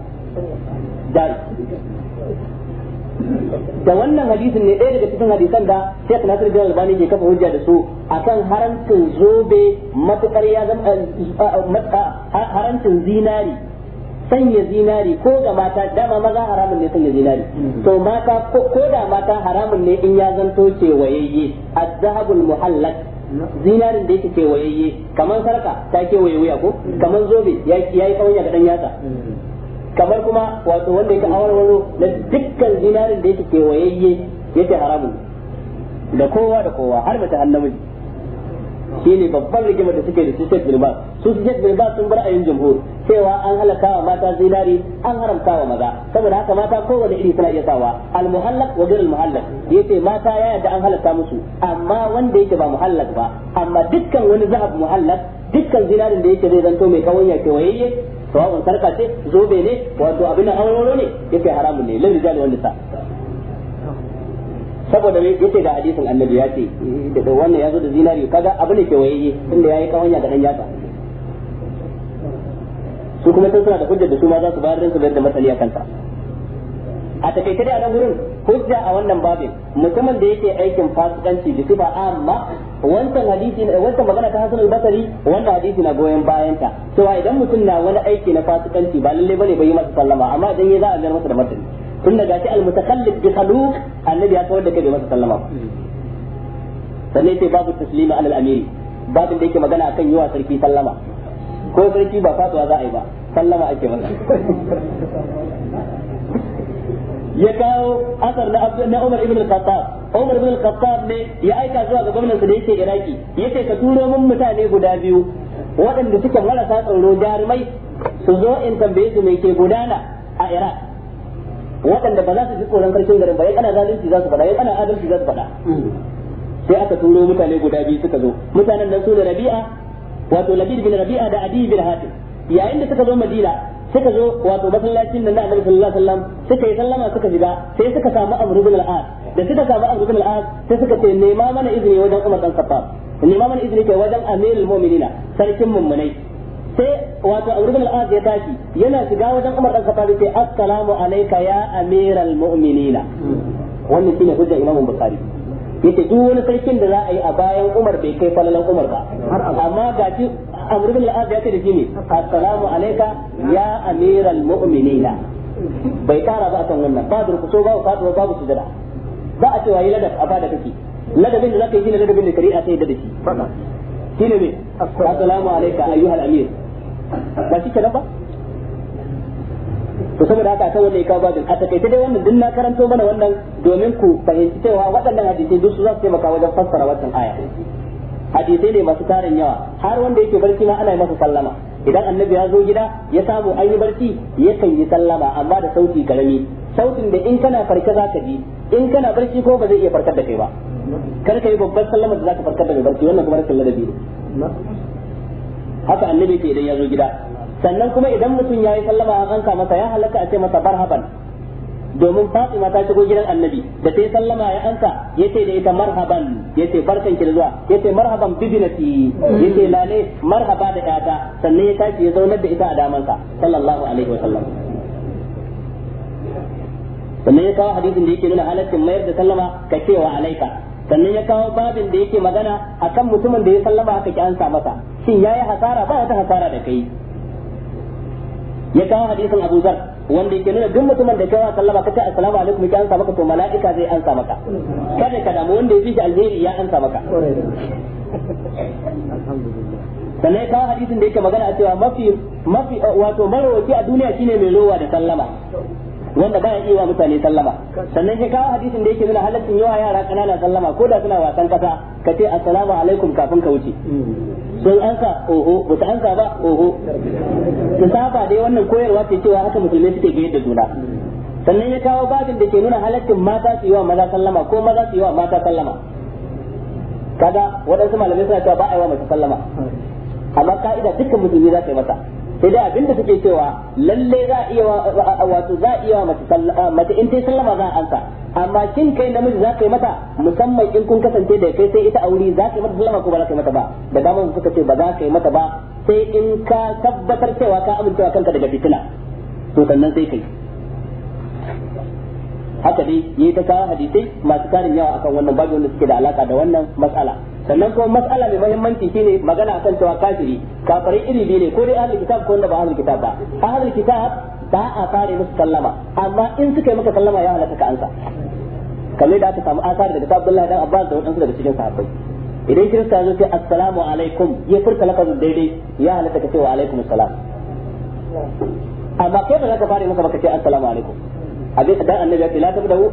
da wannan hadisin ne ɗaya daga cikin hadisan da Sheikh Nasir bin Albani ke kafa hujja da su akan harancin zobe matukar ya zama eh, eh, eh, harancin zinari sanya zinari ko ga mata dama maza haramun ne sanya zinari to mata ko da mata haramun ne in ya zanto ce kewayayye zahabul muhallak zinarin da yake wayayye kamar sarka ta kewaye wuya ko kamar zobe ya yi kawanya da dan yatsa kamar kuma wato wanda yake awarwaro na dukkan zinarin da yake kewayayye yake haramun da kowa da kowa har mace annabi shi ne babban rigimar da suke da su Sheikh bilba su Sheikh Bilbas sun bar ayin jumhur cewa an halaka wa mata zinari an haramta wa maza saboda haka mata kowane iri suna iya sawa al muhallaq wa ghayr al muhallaq yace mata ya yadda an halaka musu amma wanda yake ba muhallaq ba amma dukkan wani zahab muhallaq dukkan zinarin da yake zai zanto mai kawanya kewayayye sawa'un sarka ce zobe ne wato abin da awarwaro ne yace haramun ne lil jali wal sa saboda me yace ga hadisin annabi ya ce da eh, wannan zo da zinari kaga abin da ke waye tunda yayi kawanya da dan yatsa su kuma sun suna da hujja da su ma za su bayar da su da kanta a takaice dai a nan gurin hujja a wannan babin mutumin da yake aikin fasikanci da ba amma wancan hadisi wancan magana ta Hasan al-Basri wannan hadisi na goyen bayan ta cewa idan mutum na wani aiki na fasikanci ba lalle bane bai yi masa sallama amma idan ya za a mayar masa da martani tun da gashi al-mutakallid bi khaluq annabi ya kawar da kai bai masa sallama sannan sai babu taslima al amiri babin da yake magana akan yiwa sarki sallama ko sarki ba fatuwa za a yi ba sallama ake magana ya kawo asar na Umar ibn al-Khattab Umar ibn al-Khattab ne ya aika zuwa ga gwamnatin da yake Iraki yake ka turo mun mutane guda biyu waɗanda suka marasa tsaro jarumai su zo in tambaye su me ke gudana a Iraq waɗanda ba za su ji tsoron sarkin garin ba ya kana zalunci za su faɗa ya kana adalci za su faɗa sai aka turo mutane guda biyu suka zo mutanen nan su da Rabi'a wato Labid bin Rabi'a da Adi bin Hatim yayin da suka zo Madina suka zo wato masallacin nan da Annabi sallallahu alaihi wasallam suka yi sallama suka shiga sai suka samu Amr ibn al-As da suka samu Amr ibn al-As sai suka ce nema mana izini wajen Umar dan Khattab nema mana izini kai wajen Amirul Mu'minina sarkin mummunai sai wato al-As ya tashi yana shiga wajen Umar dan Khattab sai assalamu alayka ya Amiral Mu'minina wannan shine hujja Imam Bukhari duk wani sarkin da za a yi a bayan Umar bai kai falalan Umar ba amma ga amru bin al-az ya ce da shi ne assalamu alayka ya amiral mu'minina bai kara ba akan wannan ba durkuso ba faduwa babu sujada ba a cewa yi ladab a bada kake ladabin da zaka yi ladabin da kari'a sai da shi shi ne me assalamu alayka ayyuhal amir ba shi kenan ba to saboda haka kan wannan ikawa bajin a takaice dai wannan din na karanto mana wannan domin ku fahimci cewa waɗannan hadisi duk su za su taimaka wajen fassara wannan aya hadisai ne masu tarin yawa har wanda yake barci ma ana yi masa sallama idan annabi ya zo gida ya samu an yi barci yakan yi sallama amma da sauti karami sautin da in kana farka za ka ji in kana barci ko ba zai iya farkar da kai ba kar ka yi babbar sallama da za ka farkar da kai barci wannan kuma rashin ladabi ne haka annabi ke idan ya zo gida sannan kuma idan mutum ya yi sallama an anka masa ya halaka a ce masa barhaban domin Fatima ta shigo gidan Annabi da ta yi sallama ya ansa yace da ita marhaban yace barkan ki da zuwa yace marhaban bibinati yace lale marhaba da data sannan ya tashi ya zaunar da ita a damansa sallallahu alaihi wa sallam sannan ya kawo hadisin da yake nuna halaccin mayar da sallama ka cewa alaika sannan ya kawo babin da yake magana akan mutumin da ya sallama aka ki ansa masa shin yayi hasara ba wata hasara da kai ya kawo hadisin Abu Zar wanda yake nuna duk mutumin da kai sallama ce assalamu alaikum ya ansa maka to mala'ika zai ansa maka kada ka damu wanda ya ji alheri ya ansa maka sannan kawo hadisin da yake magana a cewa mafi mafi wato marowaci a duniya shine mai rowa da sallama wanda baya iya wa mutane sallama sannan ya kawo hadisin da yake nuna halaccin yawa yara kanana sallama ko da suna wasan kasa ka ce assalamu alaikum kafin ka wuce an ansa oho ba an ansa ba oho ki saba dai wannan koyarwa ce cewa haka musulmi suke gayyar da juna sannan ya kawo babin da ke nuna halaccin mata su yi wa maza sallama ko maza su yi wa mata sallama kaga waɗansu malamai suna cewa ba a yi wa mace sallama amma ka'ida dukkan musulmi za ka yi mata sai dai abinda suke cewa lalle za a iya wa wato za a iya wa mace mace in ta sallama za a ansa amma kin kai namiji za ka yi mata musamman in kun kasance da kai sai ita a wuri za ka yi mata sallama ko ba za ka yi mata ba da dama suka ce ba za ka yi mata ba sai in ka tabbatar cewa ka amincewa kanka daga fitina to sannan sai kai haka dai yi ta kawo hadisai masu karin yawa akan wannan babu wanda suke da alaka da wannan matsala sannan kuma matsala mai muhimmanci shine magana akan cewa kafiri kafirai iri biyu ne ko dai ahlul kitab ko wanda ba ahlul kitab ba ahlul kitab ba a fara musu sallama amma in suka yi maka sallama ya halaka ka ansa kamar da aka samu asar daga Abdullahi dan Abbas da wadansu daga cikin sahabbai idan kirista ya zo sai assalamu alaikum ya furta lafazin daidai ya halaka ka cewa alaikum assalam amma kai ba za ka fara maka baka ce assalamu alaikum abin da annabi ya ce la tabda'u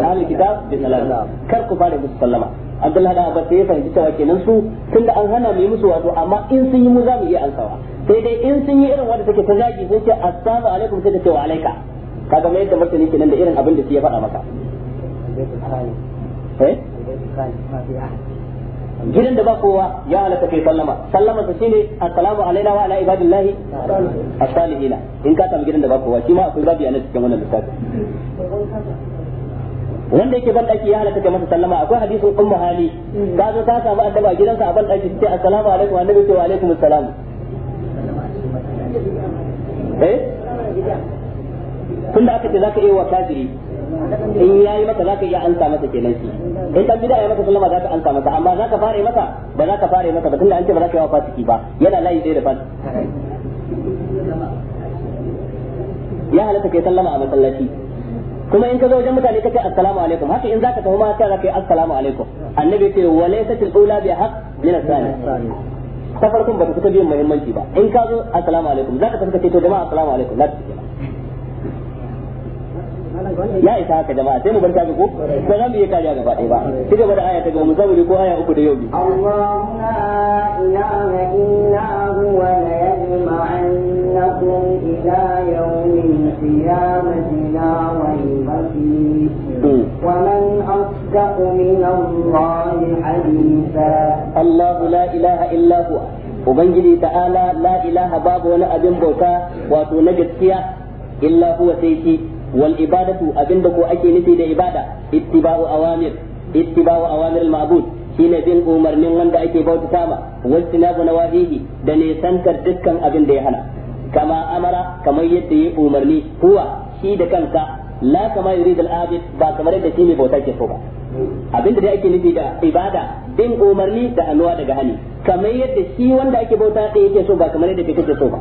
ahlul kitab bi salam kar ku fara musu sallama Abdullahi da Abbas sai ya fahimci cewa kenan su tunda an hana mu yi musu wato amma in sun yi mu za mu yi ansawa sai dai in sun yi irin wanda take ta zagi sun ce assalamu alaikum sai ta ce wa alaika kaga mai yadda martani kenan da irin abin da shi ya faɗa maka eh? gidan da ba kowa ya halaka kai sallama sallama sa shine assalamu alaina wa ala ibadillahi as-salihin in ka samu gidan da ba kowa shi ma akwai babu yana cikin wannan lissafi wanda yake ban daki ya halaka kai masa sallama akwai hadisin ummu hali ka zo ta samu annaba gidansa a ban daki sai assalamu alaikum annabi ce wa alaikum assalam tun eh? tunda aka ce za ka iya wa kafiri in yayi maka ka iya ansa masa kenan shi in ta bid'a ya maka sallama zaka ansa masa amma za zaka fare masa ba za zaka fare masa ba tun da an ce ba ka yi wa fasiki ba yana layi dai da fas ya halatta kai sallama a masallaci kuma in ka zo wajen mutane ka ce assalamu alaikum haka in zaka tafi ma sai zaka yi assalamu alaikum annabi ce walaysatil ula bi haqq min as-sani ta farkon ta fita biyan muhimmanci ba in ka zo assalamu alaikum ka tafi ka ce to jama'a assalamu alaikum na ya isa haka jama'a sai mu bar kaji ko ko za mu yi kariya gaba ɗaya ba ci gaba da aya ta gaba mu zauri ko aya uku da yau bi Allahumma ilaha illa huwa la yajma'annakum ila yawmil qiyamati la wa fihi ومن أصدق من الله حديثا الله لا إله إلا هو ubangiji ta'ala la ilaha babu wani abin bauta wato na gaskiya illa huwa sai shi wal ibadatu abinda ko ake nufi da ibada ittiba'u awamir ittiba'u awamir al ma'bud shine bin umarnin wanda ake bauta ma wajtinabu nawahihi da ne sankar dukkan abin da ya hana kama amara kamar yadda ya umarni huwa shi da kansa la kama yurid al-abid ba kamar da shi mai bauta ke so ba abinda dai ake nufi da ibada bin umarni da annuwa daga hani kamar yadda shi wanda ake bauta da yake so ba kamar yadda kake so ba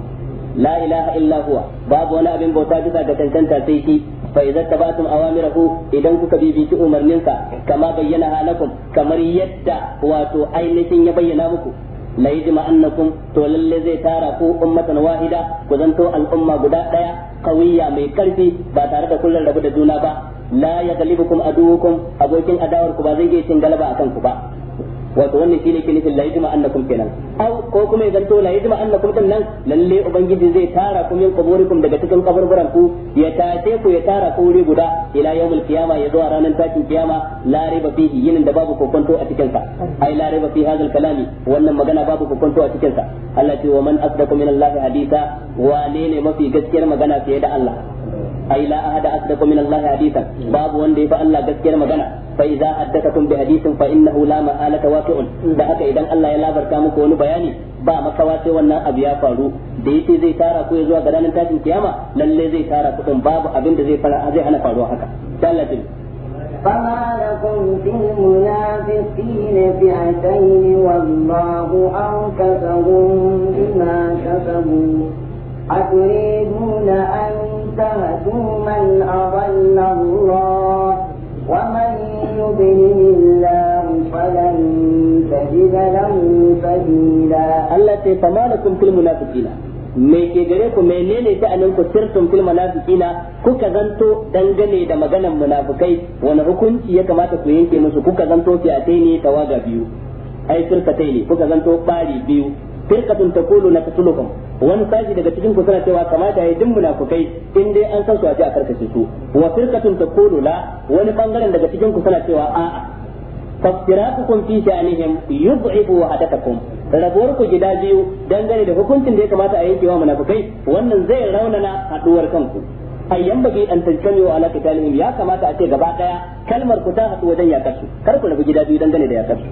la ilaha illa huwa babu wani abin bauta bisa ga tantanta sai shi fa idza tabatum awamirahu idan kuka bibici umarninsa kama bayyana halakum kamar yadda wato ainihin ya bayyana muku la yajma annakum to lalle zai tara ku ummatan wahida ku zanto al'umma guda daya qawiyya mai karfi ba tare da kullun rabu da juna ba la yaghlibukum aduwukum abokin adawar ku ba zai yi cin galaba akan ku ba wato wannan shine ke nufin la yajma annakum kenan au ko kuma idan to la annakum din nan lalle ubangiji zai tara ku min daga cikin kaburburan ku ya tace ku ya tara ku wuri guda ila yawmul qiyama ya zuwa ranar takin kiyama la riba fihi yinin da babu kokonto a cikin sa ai la riba fi kalami wannan magana babu kokonto a cikin sa Allah ce wa man asdaqu min Allah hadisa wa ne mafi gaskiyar magana fiye da Allah ai la ahada asdaqu min Allah hadithan babu wanda yafi Allah gaskiyar magana fa idza haddathakum bi hadithin fa innahu la ma'alata waqi'un da aka idan Allah ya labarta muku wani bayani ba makawa sai wannan abu ya faru da yace zai tara ku zuwa ga ranar tashin kiyama lalle zai tara ku din babu abin da zai fara zai hana faru haka sallatin فما لكم في المنافقين فئتين والله أوكسهم اهتدوا من أضل الله ومن يضلل الله فلن تجد له سبيلا التي فما لكم في المنافقين me ke gare ku menene sha'anin ku sirtun fil munafiqina kuka zanto dangane da maganan munafikai wani hukunci ya kamata ku yanke musu kuka zanto fi'atai ne tawaga biyu ai firkatai ne kuka zanto bari biyu firqatun taqulu naqtuluhum wani sashi daga cikin ku suna cewa kamata yayi duk munafukai in dai an san su a ji a karkace su wa firqatun taqulu la wani bangaren daga cikin ku suna cewa a'a fasirakukum fi sha'anihim yud'ibu wa hadakakum rabuwar ku gida biyu dangane da hukuncin da ya kamata a yanke wa munafikai wannan zai raunana haduwar kanku ayyan bagi an tantance wa alaka talimin ya kamata a ce gaba daya kalmar ku ta hadu wajen yakar su kar ku rabu gida biyu dangane da yakar su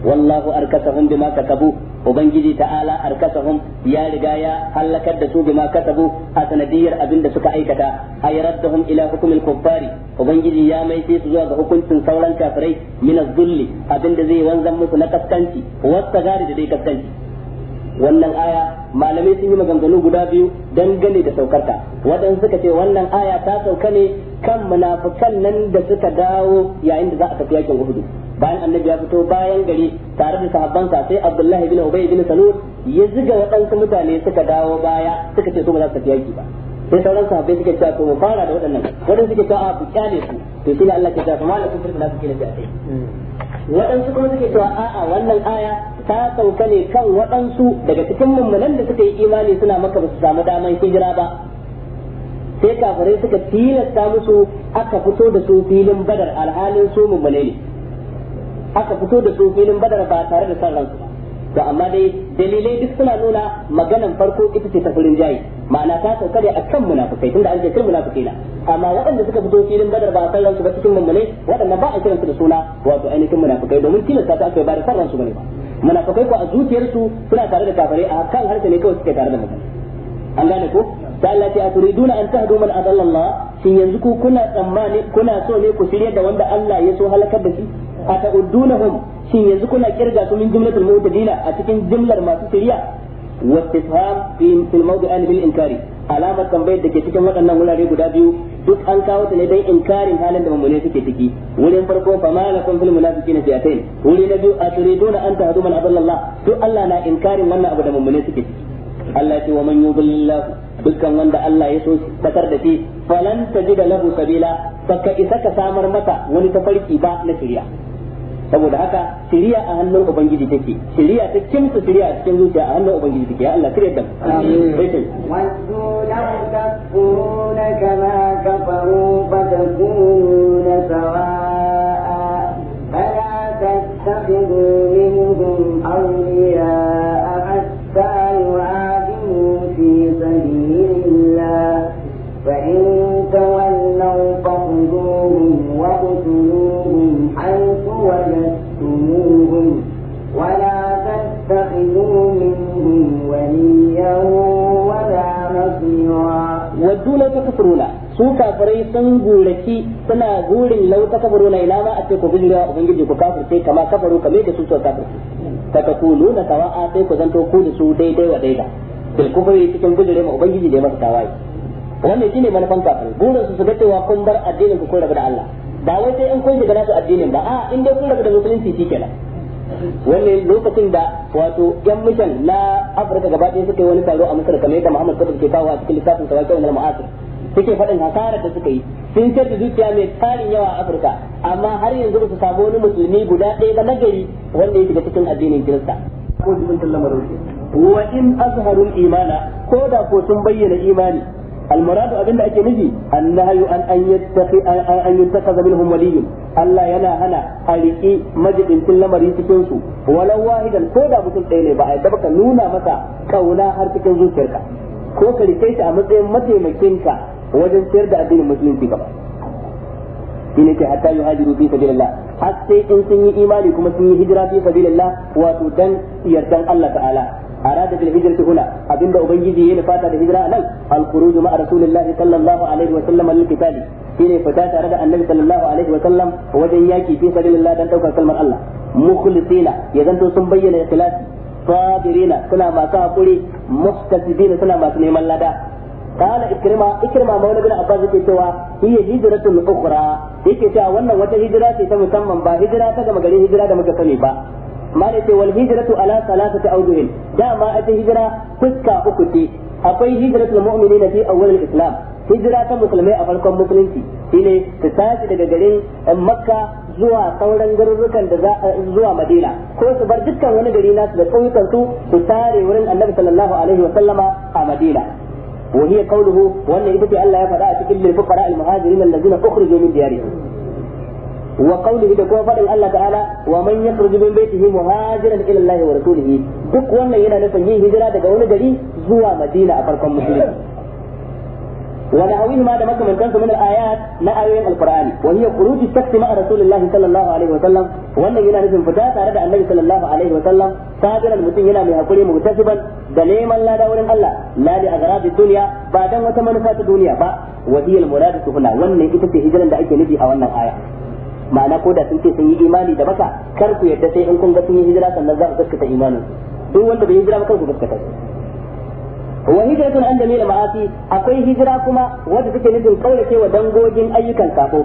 wallahu arkasahum bima kasabu ubangiji ta'ala arkasahum ya riga ya halakar da su bima kasabu a sanadiyar abin da suka aikata ay hum ila hukumil kuffari ubangiji ya mai su zuwa ga hukuncin sauran kafirai min az-zulli abin da zai wanzan musu na kaskanci wasta gari da dai kaskanci wannan aya malamai sun yi maganganu guda biyu dangane da saukarta waɗansu suka ce wannan aya ta sauka ne kan munafikan nan da suka dawo yayin da za a tafi yakin Uhud bayan annabi ya fito bayan gari tare da sahabbansa sai Abdullahi bin Ubay bin Salul ya ziga waɗansu mutane suka dawo baya suka ce su ba za su tafi yaki ba sai sauran sahabbai suke cewa to mu fara da waɗannan waɗanda suke cewa a ku kyale su to shi ne Allah ke cewa kuma la kun firda suke da sai waɗansu kuma suke cewa a'a wannan aya ta sauka ne kan waɗansu daga cikin mummunan da suka yi imani suna maka ba su samu daman hijira ba sai kafirai suka tilasta musu aka fito da su filin badar alhalin su mummune ne aka fito da su filin badar ba tare da san ransu ba to amma dai dalilai duk suna nuna maganan farko ita ce ta furin jayi ma'ana ta sauka a kan munafukai tunda an ce kan munafukai na amma waɗanda suka fito filin badar ba san ransu ba cikin mummune waɗanda ba a kiransu da suna wato ainihin munafukai domin tilasta ta aka ba da san ransu bane ba munafukai ko a zuciyarsu suna tare da kafare a kan harshe ne kawai suke tare da mutane an gane ko da Allah ya duna an tahdu man adallallah shin yanzu ku kuna tsammani kuna so ne ku shirye da wanda Allah ya so halakar da shi a ta'uddunahum shin yanzu kuna kirga su min jumlatul mu'tadila a cikin jumlar masu shari'a wa istifham fi fil mawdi'an bil inkari alamar tambayar da ke cikin waɗannan wurare guda biyu duk an kawo ta ne dan inkarin halin da mamune suke ciki wurin farko fa malakum fil munafiqin fi'atain wuri na biyu aturiduna an tahdu man adallallah to Allah na inkarin wannan abu da mamune suke ciki Allah ce wa man yudillillah dukkan wanda Allah ya so takar da shi falan tajida lahu sabila fakka isa ka samar mata wani tafarki ba na shari'a saboda haka shiriya a hannun ubangiji take shiriya ta kimsa shiriya a cikin zuciya a hannun ubangiji take ya Allah kire da amin wasu law tasfuruna kama kafaru fatakununa sawa ولستموهم ولا تتخذوا منهم su kafirai sun guraki suna gurin lau ta kafaru na ina ba a ce ku bijira ubangiji ku kama kafaru kame da su suka kafirce ta ka kulu na tawa'a sai ku zanto ku da su daidai wa daida bil kufri cikin bijire ma ubangiji da masa tawaye wannan shine manufan kafirai gurin su su ga cewa kun bar addinin ku kun rabu da Allah ba wai sai in kun shiga nasu addinin ba a in dai kun rabu da musulunci kenan wani lokacin da wato yan mishan na Afirka gaba ɗaya suka yi wani taro a Masar kamar yadda Muhammad Sabir ke kawo a cikin lissafin sa wajen wani ma'asir suke faɗin hasarar da suka yi sun ce da zuciya mai tarin yawa a Afirka amma har yanzu ba su samu wani musulmi guda ɗaya ba nagari wanda ya shiga cikin addinin Kirista ko jibin lamarin wa in azharul imana ko da ko sun bayyana imani almuradu da ake nufi annahyu an an yattaqi an yattakaza minhum waliyyun Allah yana hana a riki majibincin lamari cikin su walau wahidan ko da mutum ɗaya ne ba a yadda ka nuna masa kauna har cikin zuciyarka ko ka rike ta a matsayin mataimakin mataimakinka wajen ciyar da addinin musulunci gaba shine ke hatta yuhajiru fi sabilillah har sai in sun yi imani kuma sun yi hijira fi sabilillah wato dan yardan Allah ta'ala arada bil hijrati abin abinda ubangiji ya fata da hijira nan al khuruj ma rasulillah sallallahu alaihi wa sallam shine fita tare da annabi sallallahu alaihi wajen yaki fi sabilillah dan daukar kalmar Allah mukhlisina ya zanto sun bayyana ikhlasi sabirina suna masu hakuri muhtasibina suna masu neman lada قال إكرمة إكرمة مولى بن عباس كتوا هي هجرة أخرى yake cewa wannan wata hijira ce ta musamman ba hijira ta gama gari hijira da muke sani ba malai ce wal hijratu ala salasati awjuhin dama ita hijira fuska uku ce akwai hijratul mu'minina fi awwal islam hijira ta musulmai a farkon musulunci shine ta tashi daga garin makka zuwa sauran garurukan da za zuwa madina ko su bar dukkan wani gari nasu da ƙauyukan su su tare wurin annabi sallallahu alaihi wa sallama a madina ita قوله allah ya faɗa a cikin للفقراء المهاجرين الذين اخرجوا من ديارهم wa da kuma faɗin Allah ta'ala wa man yakhruju min baytihi muhajiran ila Allah wa rasulihi duk wannan yana nufin yin hijira daga wani gari zuwa Madina a farkon musulunci wa nahawin ma da makamantansu min al-ayat na ayoyin al-Qur'ani wa hiya khuruj shakhsi rasulillahi sallallahu alaihi wa sallam wannan yana nufin fita tare da annabi sallallahu alaihi wa sallam sabiran mutum yana mai hakuri mutasiban da neman lada wurin Allah la li aghradi dunya ba dan wata manufa ta duniya ba wa hiya al-muradatu wannan ita ce hijiran da ake nufi a wannan aya ma'ana ko da sun ce sun yi imani da baka kar ku yadda sai in kun ga sun yi hijira sannan za ku gaskata imanin duk wanda bai hijira ba kar ku gaskata wa hijratun an jamila ma'asi akwai hijira kuma wanda take nufin kaurace wa dangogin ayyukan sako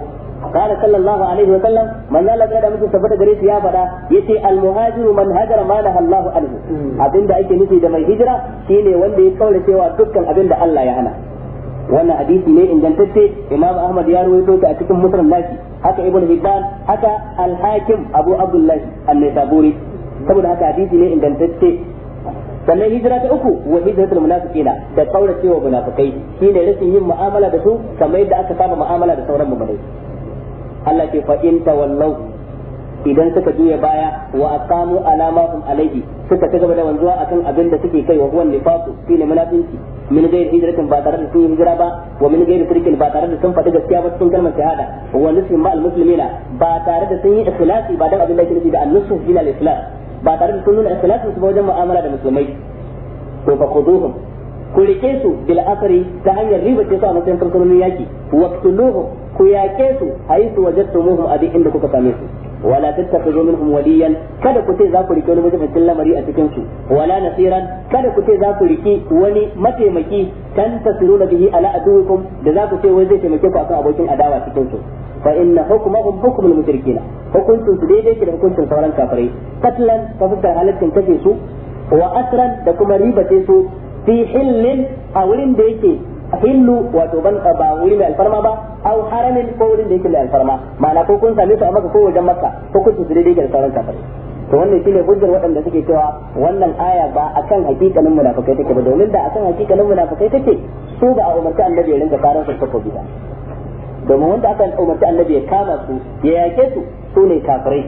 قال sallallahu alaihi wa sallam من لا لقد mutum tabbata ya fada yace al muhajiru man hajara ma naha halahu anhu hmm. abinda ake nufi da mai hijira shine wanda ya kaurace cewa dukkan abinda Allah ya hana wannan hadisi ne ingantacce imam ahmad ya ruwaito ta a cikin musnad nashi haka ibn hibban haka al-hakim abu abdullah an-nisaburi saboda haka hadisi ne ingantacce sannan hijira ta uku wa hijratul munafiqina da kaurace wa munafikai shine rashin yin mu'amala da su kamar yadda aka saba mu'amala da sauran mu'minai Allah ke fa in idan suka juya baya wa aqamu alayhi suka ci gaba da wanzuwa akan abin da suke kai wa huwa nifaqu shine munafinci min gairi hijratin ba tare da sun hijira ba wa min ba tare da sun gaskiya ba cikin kalmar shahada wa ba tare da sun yi ikhlasi ba dan abin da yake nufi da ila al-islam ba tare da sun nuna ikhlasin su wajen mu'amala da musulmai to fa khuduhum ku rike su bil asri ta hanyar ribace su a matsayin kalkalmin yaki waqtuluhum ku yake su haitu wajadtumuhum adi inda kuka same su wala tattakhidhu minhum waliyan kada ku ce za ku riki wani mutumin lamari a cikin su wala nasiran kada ku ce za ku riki wani mataimaki kan tasiruna bihi ala aduwikum da za ku ce wai zai taimake ku akan abokin adawa cikin su fa inna hukmahum hukmul mushrikina hukuncin su daidai ke da hukuncin sauran kafirai katlan ta fuskar halaccin kashe su wa asran da kuma ribace su fi hillin a wurin da yake hillu wato ban eh, ba wuri mai alfarma ba au haramin ko wurin da yake mai alfarma ma'ana ko kun same su a maka ko wajen maka ko kun su da da sauran kafirai to wannan shine hujjar waɗanda suke cewa wannan aya ba akan hakikanin munafikai take ba domin da akan hakikanin munafikai take su ba a umarci annabi ya rinka karar su ko gida domin wanda aka umarci annabi ya kama su ya yake su su ne kafirai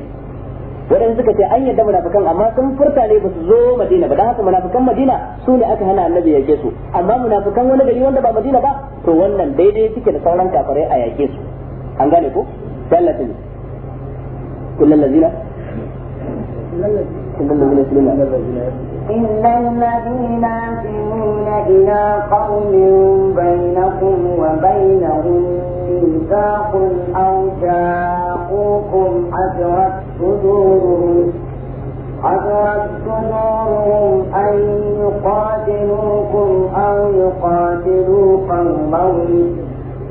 waɗanda suka ce an yadda munafikan amma sun furta ne ba su zo madina ba dan haka munafikan madina su ne aka hana annabi yake su amma munafikan wani gari wanda ba madina ba to wannan daidai suke da sauran kafirai a yake su an gane ko sallatin kullal ladina kullal ladina kullal ladina ميثاق أو شاقوكم حسرت صدورهم حسرت صدورهم أن يقاتلوكم أو يقاتلوا قومهم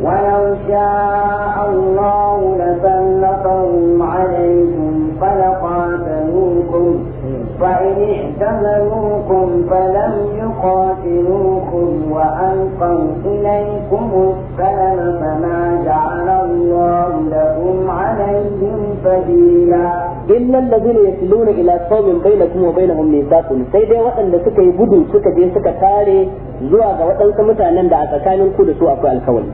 ولو شاء الله لسلطهم عليكم فلقاتلوكم فإن اعتزلوكم فلم يقاتلوكم وألقوا إليكم السلم فما جعل الله لكم عليهم سبيلا إلا الذين يصلون إلى قوم بينكم وبينهم ميثاق سيدي وأن suka yi gudu suka je suka tare zuwa ga waɗansa mutanen da a tsakanin ku da su akwai alkawali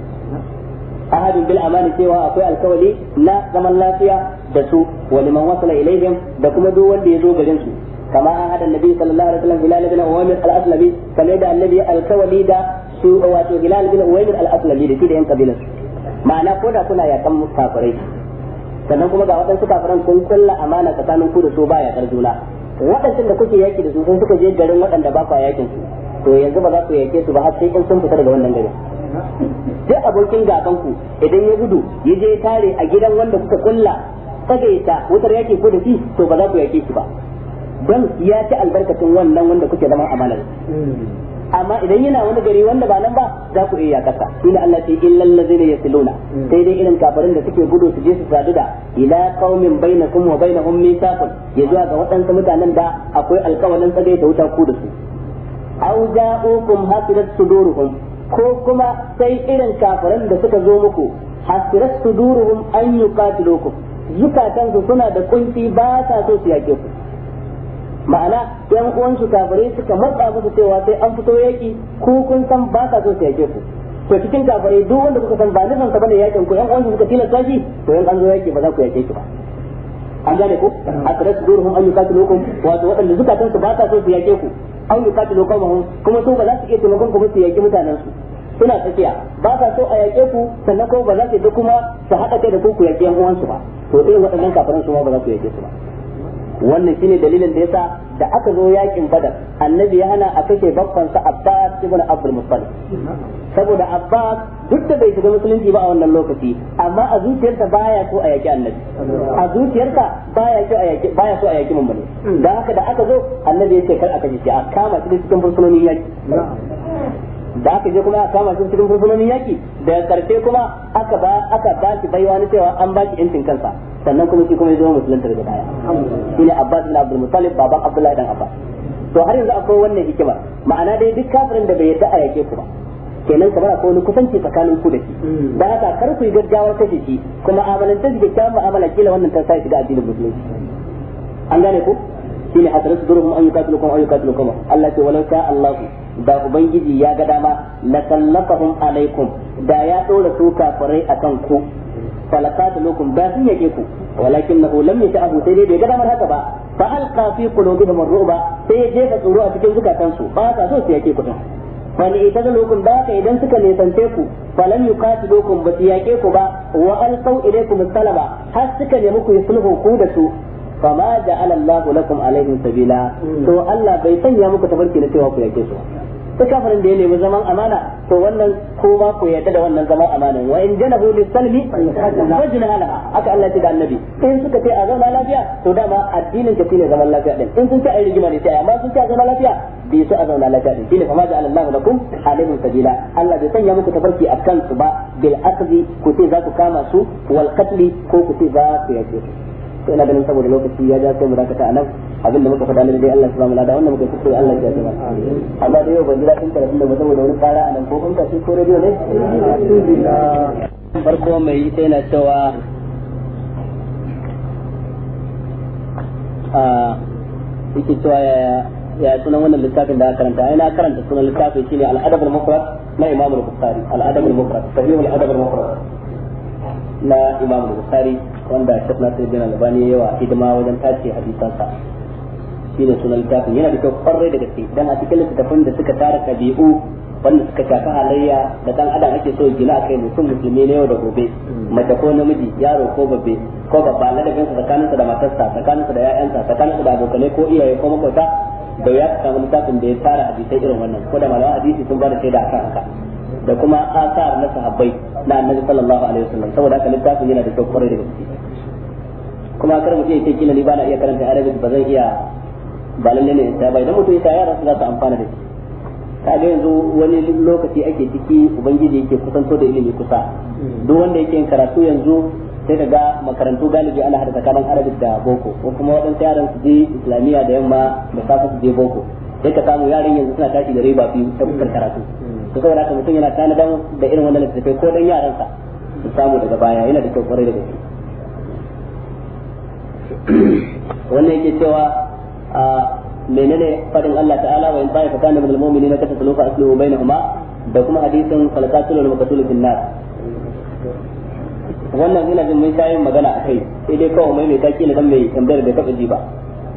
ahadin bil amani cewa akwai alkawali na zaman lafiya da su wani wasala ilaihim da kuma duk da ya zo garin كما عهد النبي صلى الله عليه وسلم هلال بن عوامر الاسلمي كما النبي الكولي دا واتو هلال بن عوامر الاسلمي da دين da yan kabilar ma'ana ko da kuna sannan kuma ga waɗansu kafiran kun kulla amana tsakanin ku da su ba ya juna waɗansu da kuke yaki da su sun suka je garin waɗanda ba kwa yakin su to yanzu ba za ku yake su ba har sai in sun fita daga wannan garin sai abokin gaban ku idan ya gudu ya je tare a gidan wanda kuka kulla tsagaita wutar yaki ko da shi to ba za ku yake su ba don ya ci albarkacin wannan wanda kuke zama amana amma idan yana wani gari wanda ba nan ba za ku iya kasa ina Allah ce illal ya yasiluna sai dai irin kafirin da suke gudu su je su sadu da ila qaumin bainakum wa bainahum mithaqun ya zuwa ga waɗansu mutanen da akwai alƙawarin tsagai ta wuta ku da su aw ja'ukum hasirat suduruhum ko kuma sai irin kafirin da suka zo muku hasirat suduruhum an yuqatilukum zukatansu suna da kunci ba sa so su yake ku ma'ana yan uwan su kafirai suka matsa musu cewa sai an fito yaki ku kun san ba ka so ta yake ku to cikin kafirai duk wanda kuka san ba nufin sa bane yakin ku yan uwan su suka tilasta shi to yan an zo yaki ba za ku yake shi ba an gane ku akras durhum an yukatilukum wato waɗanda zukatan su ba ka so su yake ku an yukatilukum kuma su ba za su iya taimakon ku su yake mutanen su suna tsakiya ba sa so a yake ku sannan kuma ba za su yi kuma su haɗa kai da ku ku yake yan uwansu ba to irin waɗannan kafirai su ma ba za su yake su ba wannan shine dalilin da yasa da aka zo yakin badar annabi ya hana a kashe babbansa abbas ibn abdul muttalib saboda abbas duk da bai shiga musulunci ba a wannan lokaci amma a zuciyarsa baya so a yaki annabi a zuciyarsa baya so a yaki baya so a yaki da haka da aka zo annabi ya ce kar aka kashe shi a kama shi cikin fursunonin yaki da aka je kuma aka kama shi cikin furfunonin yaki da karshe kuma aka ba aka ba shi baiwa ne cewa an ba shi yancin kansa sannan kuma shi kuma ya zama musulunta daga baya shine Abbas bin Abdul Muttalib baban Abdullahi dan Abbas to har yanzu akwai wannan hikima ma'ana dai duk kafirin da bai yarda a yake ku ba kenan kamar akwai wani kusanci tsakanin ku da shi da haka kar ku yi gaggawa kashe shi kuma amalanta shi kyakkyawan mu'amala kila wannan ta sa shi da addinin musulunci an gane ku shine hasratu durum an yukatilukum aw yukatilukum Allah ce walau sha Allah da ubangiji ya ga dama la kallafahum alaikum da ya dora su kafirai akan ku falakata lokum ba sun yake ku walakin nahu lam yasha'u sai dai bai ga damar haka ba fa alqa fi qulubihim ar-ru'ba sai ya jefa tsoro a cikin su ba sa so su yake ku din ni ita da lokun da haka idan suka nisance ku fa lam yuqatilukum ba su yake ku ba wa alqau ilaykum salama har suka nemi ku yi sulhu ku da su ma ja'ala Allahu lakum alaihim sabila to Allah bai sanya muku tabarki na cewa ku yake su ta kafirin da ya nemi zaman amana to wannan ko ba ku yadda da wannan zaman amana wa in janahu salmi wajna alaha aka Allah ya ce da annabi in suka ce a zama lafiya to dama addinin ka shine zaman lafiya din in sun ce ayi rigima ne sai amma sun ce a lafiya bi su a zama lafiya din shine kama da Allah Allahu lakum alaihim sabila Allah bai sanya muku tafarki akan su ba bil akhdhi ku ce za ku kama su wal qatli ko ku ce za ku yace sai na ganin saboda lokaci ya ja sai mu dakata anan abin da muka faɗa ne dai Allah ya samu lada wannan muka kuskure Allah ya tsaya amma dai yau ban ji daɗin karatun da ba saboda wani fara anan ko kun kashi ko radio ne farko mai yi sai na cewa a yake cewa ya ya sunan wannan littafin da aka karanta ai na karanta sunan littafin shine al-adab al-mufrad na Imam al-Bukhari al-adab al-mufrad sahih al-adab al-mufrad na Imam al-Bukhari wanda Sheikh Nasir bin Albani yawa hidima wajen tace hadisansa shi ne sunan littafin yana da kyau kwarai da gaske dan a cikin littafin da suka tara kabi'u wanda suka shafi halayya da dan adam ake so gina kai mutum musulmi ne yau da gobe mace ko namiji yaro ko babbe ko babba ladabin sa tsakanin sa da matarsa tsakanin sa da ƴaƴansa tsakanin sa da abokanai ko iyaye ko makwabta da ya samu littafin da ya tara hadisai irin wannan ko da malaman hadisi sun ba da shaida akan haka da kuma asar na sahabbai na annabi sallallahu alaihi wasallam saboda haka littafin yana da kyau kwarai da gaske kuma kar mutum ya ce kina ni ba na iya karanta arabic ba zan iya ba lalle ne ta bai idan mutum ya yara su za su amfana da shi kaga yanzu wani lokaci ake ciki ubangiji yake kusanto da ilimi kusa duk wanda yake yin karatu yanzu sai ka ga makarantu galibi ana hada tsakanin arabic da boko ko kuma waɗansu yaran su je islamiyya da yamma da safe su je boko sai ka samu yaran yanzu suna tashi da riba biyu ta fuskar karatu to saboda haka mutum yana tanadan da irin wannan littattafai ko dan yaransa su samu daga baya yana da kyau kwarai da gaske wannan yake cewa a menene fadin Allah ta'ala wa in ba'i fa kana minal mu'minina ka tasluhu fa asluhu bainahuma da kuma hadisin falqatul wal maqtul bin nar wannan ina jin mun shayin magana kai sai dai kawai mai mai taki na dan mai tambayar da kafa ji ba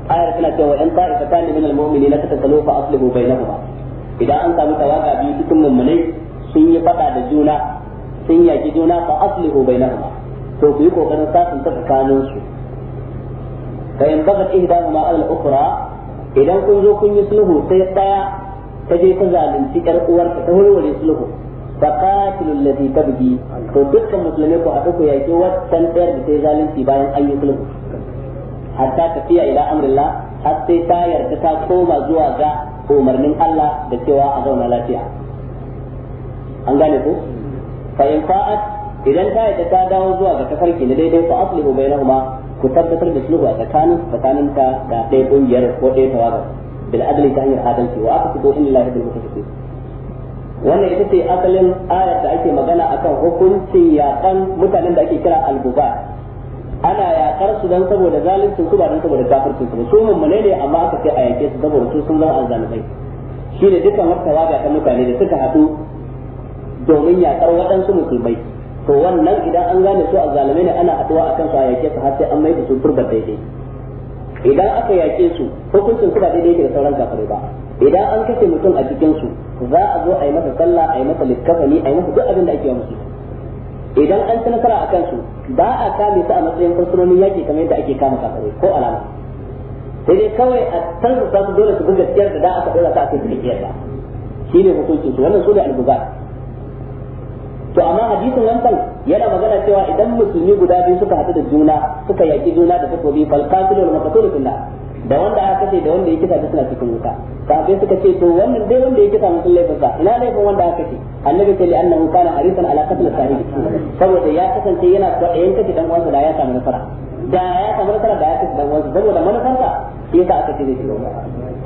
ayar tana cewa in ba'i fa kana minal mu'minina ka tasluhu fa asluhu bainahuma idan an samu tawaga biyu cikin mummune sun yi fada da juna sun yaki juna fa aslihu bainahuma to ku yi kokarin sasun ta tsakanin su fa in bagat ihdahuma al-ukhra idan kun zo kun yi sulhu sai daya ta je ta zalunci yar uwar ta warware sulhu fa qatilu allati tabghi to dukkan musulmai ku haɗu ku yaki wannan ɗayar da tayi zalunci bayan an yi sulhu hatta tafiya ila amrillah har sai ta yarda ta koma zuwa ga ko umarnin Allah da cewa a zauna lafiya an gane ku fa fa'at idan ta yadda ta dawo zuwa ga tafarki na daidai fa aslihu bainahuma ku tabbatar da sulhu a tsakanin tsakanin ta da ɗaya kungiyar ko ɗaya tawagar bil adli ta hanyar adalci wa aka fito inna lillahi bil mutasaffif wannan ita ce asalin ayar da ake magana akan hukuncin yaƙan mutanen da ake kira al ana yakar su dan saboda zalunci su ba dan saboda kafircin su su mummune ne amma aka ce a su saboda su sun zama azzalumai shine dukkan wata waga ta mutane da suka haɗu domin yakar waɗansu musulmai to wannan idan an gane su azzalumai ne ana haɗuwa akan su a su har sai an mai da su turbar daidai idan aka yake su hukuncin su ba daidai yake da sauran kafirai ba idan an kashe mutum a cikin su za a zo a yi masa sallah a yi masa likkafani a yi masa duk abin da ake yi musulmi idan an ci nasara a kansu ba a kame su a matsayin fursunonin yaki kamar yadda ake kama kafare ko alama sai dai kawai a tanzasa su dole su bi gaskiyar da da aka dora ta akai gaskiyar da shi ne hukuncin su wannan su ne algubar to amma hadisin wancan yana magana cewa idan musulmi guda biyu suka haɗu da juna suka yaki juna da takobi fal qatilu wal maqtul fillah da wanda aka kace da wanda ya kisa da suna cikin wuta sahabbai suka ce to wannan dai wanda ya kisa musulai laifin sa ina laifin wanda aka kace annabi ce li'annahu kana harisan ala qatl sahibi saboda ya kasance yana kwaɗayin kace dan uwansa da ya samu nasara da ya samu nasara da ya kace dan uwansa saboda manufarsa shi yasa aka ce zai shiga wuta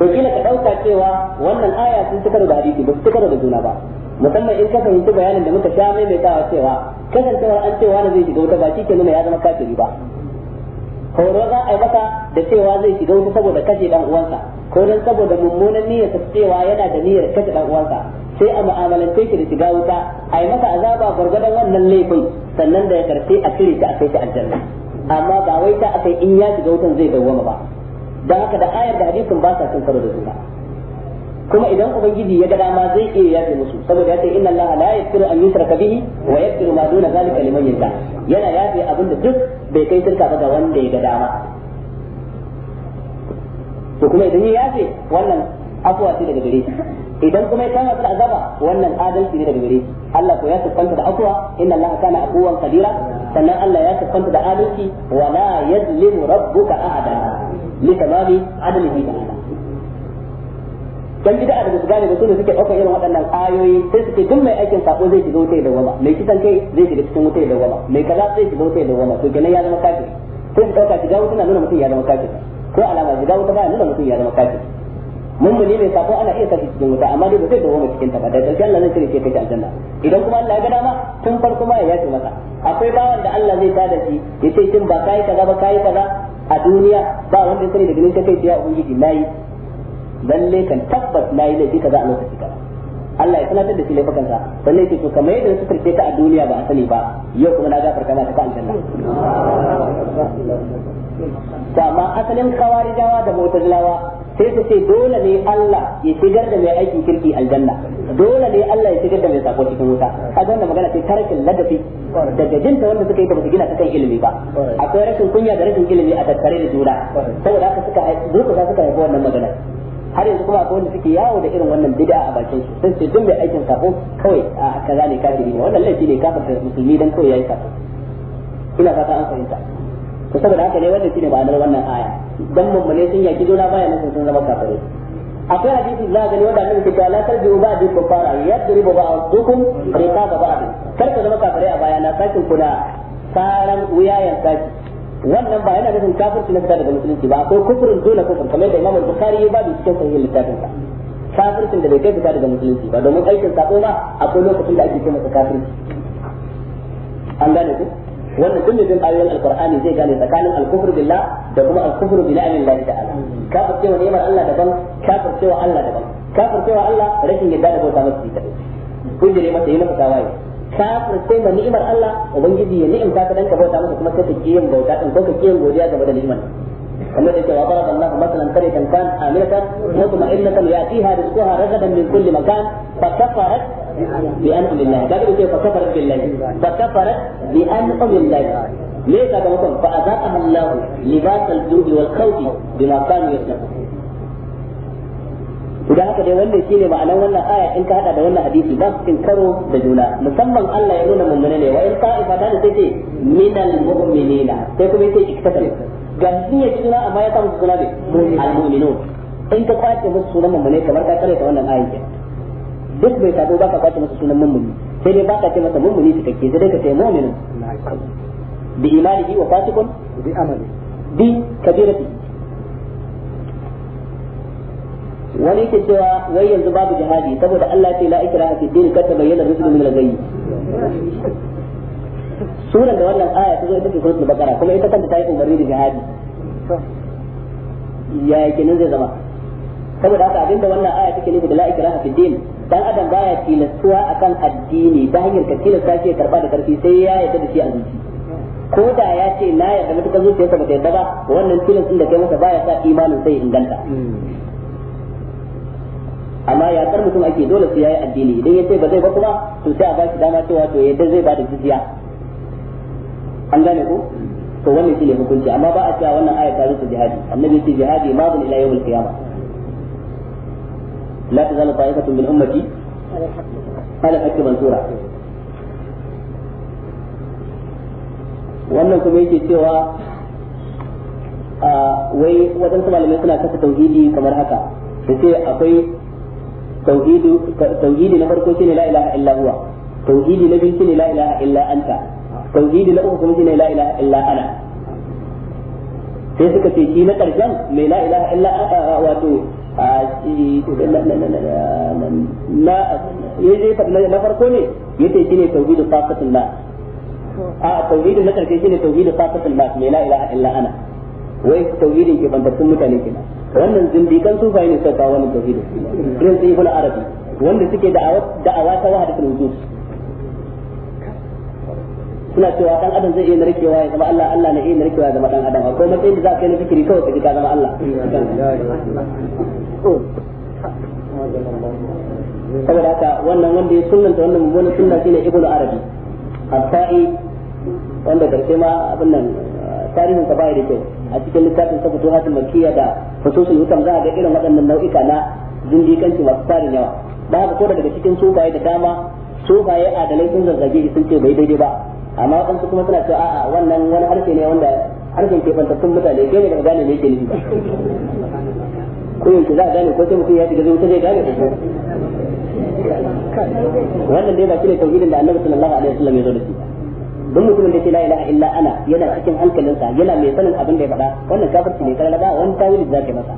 to kila ka dauka cewa wannan aya sun tukar da hadisi ba su tukar da juna ba musamman in ka fahimci bayanin da muka sha mai mai cewa kasancewar an cewa na zai shiga wuta ba shi ke nuna ya zama kafiri ba horo za a yi masa da cewa zai shiga wuta saboda kashe dan uwansa ko dan saboda mummunan niyyar cewa yana da niyyar kashe dan uwansa sai a mu'amalance shi da shiga wuta a yi masa azaba gwargwadon wannan laifin sannan da ya karfe a cire shi a kai shi aljanna amma ba wai ta akai in ya shiga wutan zai dawwama ba dan haka da ayar da hadisin ba sa cin karo da juna kuma idan ubangiji ya ga dama zai iya yafe musu saboda ya ce inna allaha la yaghfiru an yushraka bihi wa yaghfiru ma duna zalika liman yasha yana yafe da duk bai kai shirka ba ga wanda ya ga dama to kuma idan ya yafe wannan afuwa ce daga gare shi idan kuma ya kama da azaba wannan adalci ne daga gare shi Allah ko ya tuffanta da afuwa inna Allah kana afuwan kadira sannan Allah ya tuffanta da adalci wala yazlimu rabbuka ahada li tamami adlihi ta'ala dan bid'a daga su gane ba sune suke ɗaukar irin waɗannan ayoyi sai suke duk mai aikin sako zai shiga wuta da goma mai kisan kai zai shiga cikin wuta da goma mai kaza zai shiga wuta da goma to kenan ya zama kafiri sai su ɗauka shiga wuta na nuna mutum ya zama kafiri ko alama shiga wuta ba nuna mutum ya zama kafiri mummuni mai sako ana iya sashi cikin wuta amma dai ba zai dawoma cikin ta ba da karshe Allah zai cire shi kai aljanna idan kuma Allah ya ga dama tun farko ma ya yace masa akwai bawan da Allah zai tada shi yace kin ba kai kaza ba kai kaza a duniya ba wanda ya sani da ganin kai ya ubangiji nayi lalle kan tabbas na yi laifi kaza a lokaci kaza Allah ya sanar da shi laifukan sa balle yake to kamar yadda suka karfe ka a duniya ba a sani ba yau kuma na gafarta ta ka aljanna to amma asalin kawarijawa da mutazilawa sai su ce dole ne Allah ya shigar da mai aikin kirki aljanna dole ne Allah ya shigar da mai sako cikin wuta a wannan magana ce tarkin ladafi daga jinta wanda suka yi ta gina ta kan ilimi ba akwai rashin kunya da rashin ilimi a tattare da juna saboda haka suka duka suka haifi wannan magana har yanzu kuma akwai wanda suke yawo da irin wannan bid'a a bakin su ce duk mai aikin kafo kawai a kaza ne kafiri ne wannan laifi ne kafin kafirta musulmi dan kawai yayi kafo ina fata an fahimta to saboda haka ne wannan shine ma'anar wannan aya dan mummune sun yaki juna baya nan sun zama kafare akwai hadisi za gani wanda annabi ke cewa la tarjiu ba'di kufara yadribu ba'dukum riqaba ba'd kar ka zama kafare a baya na sakin kuna saran wuyayen saki wannan ba yana nufin kafirci na fita daga musulunci ba akwai kufrin dole kufrin kamar yadda Imam Bukhari ya babu cikin sahihin littafin sa kafircin da bai kai fita daga musulunci ba domin aikin sako ma akwai lokacin da ake kai masa kafirci an gane ku wannan duk bin ayoyin alqur'ani zai gane tsakanin alkufru billah da kuma alkufru bi la'anin Allah ta'ala kafir cewa ni'imar Allah daban kafir cewa Allah daban kafir cewa Allah rashin yadda da bauta masa ita kun jire masa yi masa tawaye ka sai ma ni'imar Allah ubangiji ya ni'imta ka dan ka bauta masa kuma sai ka kiyin bauta din ko ka kiyin godiya game da ni'imar kamar da cewa qara Allah masalan qaryatan kan amilatan mutma'innatan yatiha rizquha ragadan min kulli makan fa kafarat bi an'am Allah da ke fa kafarat billahi fa kafarat bi an'am Allah ne ka ga mutum fa azaqaha Allah libas al-ju'i wal khawfi bima kanu yasna'un idan haka dai wanda shine ma'anar wannan aya in ka hada da wannan hadisi ba su karo da juna musamman Allah ya nuna mummuna ne wa in ifa da sai ce minal mu'minina sai kuma yake iktasal ga ya suna amma ya samu suna ne al muminu in ka kwace musu sunan mummuna kamar ka kare ta wannan ayan duk bai tabo ba ka kwace musu sunan mummuni sai dai ba ka ce masa mummuni kake sai dai ka ce mu'minu bi imanihi wa fasiqun bi amali bi kabiratihi wani ke cewa wai yanzu babu jihadi saboda Allah ce la ikra fi din ka bayyana rusul min al-ghayb suran da wannan aya ta zo ita ce su bakara kuma ita kanta ta yi umarni da jihadi ya yake nan zai zama saboda haka abinda wannan aya take nufi da la ikra fi din dan adam baya tilastuwa akan addini ta hanyar ka tilasta ke karba da karfi sai ya yarda da shi a zuci ko da ya ce na yarda mutukar zuciyarsa ba ta yarda ba wannan tilin din da kai masa baya sa imanin sai inganta amma ya kar mutum ake dole sai yayi addini idan yace ba zai ba kuma to sai a baki dama cewa to yadda zai ba da jizya an gane ko to wannan shine hukunci amma ba a cewa wannan aya ta rufe jihadi annabi yace jihadi ma bin ila yawmul qiyamah la tazalu ta'ifatun min ummati ala hakki mansura wannan kuma yake cewa wai wadansu malamai suna kasa tauhidi kamar haka su ce akwai tauhidu tauhidi na farko shine la ilaha illa huwa tauhidi na la ilaha illa anta tauhidi la illa ana sai suka ce shi na karshen mai la ilaha illa wato na yaje na farko ne yace a tauhidin na karshe shine mai la ilaha illa ana wai ke bantattun mutane kenan wannan zindikan sufaye ne suka kawo wannan tauhidin irin su ibnu arabi wanda suke da'awa ta wahdatul wujud suna cewa dan adam zai iya narkewa ya zama Allah Allah na iya narkewa ya zama dan adam akwai matsayin da za ka yi na fikiri kawai ka ji zama Allah saboda haka wannan wanda ya sunnanta wannan mummunan sunna shine ibnu arabi al-fa'i wanda karshe ma abin nan tarihin ka bai da kyau a cikin littafin sa fito hatin makiya da fususul hukam za a ga irin waɗannan nau'ika na zindikanci masu tarin yawa ba haka ko daga cikin sufaye da dama sufaye adalai sun zazzage sun ce bai daidai ba amma wasu kuma suna cewa a'a wannan wani harshe ne wanda harshen ke fantattun mutane kai ne ba gane ne ke nufi ko yanzu za a gane ko sai mutum ya shiga zuwa zai gane ko wannan dai ba shi ne tauhidin da annabi sallallahu alaihi wasallam ya zo da shi don mutumin da ke la ilaha illa ana yana cikin hankalinsa yana mai sanin abin da ya faɗa wannan kafirci ne karara ba wani tawili za ka masa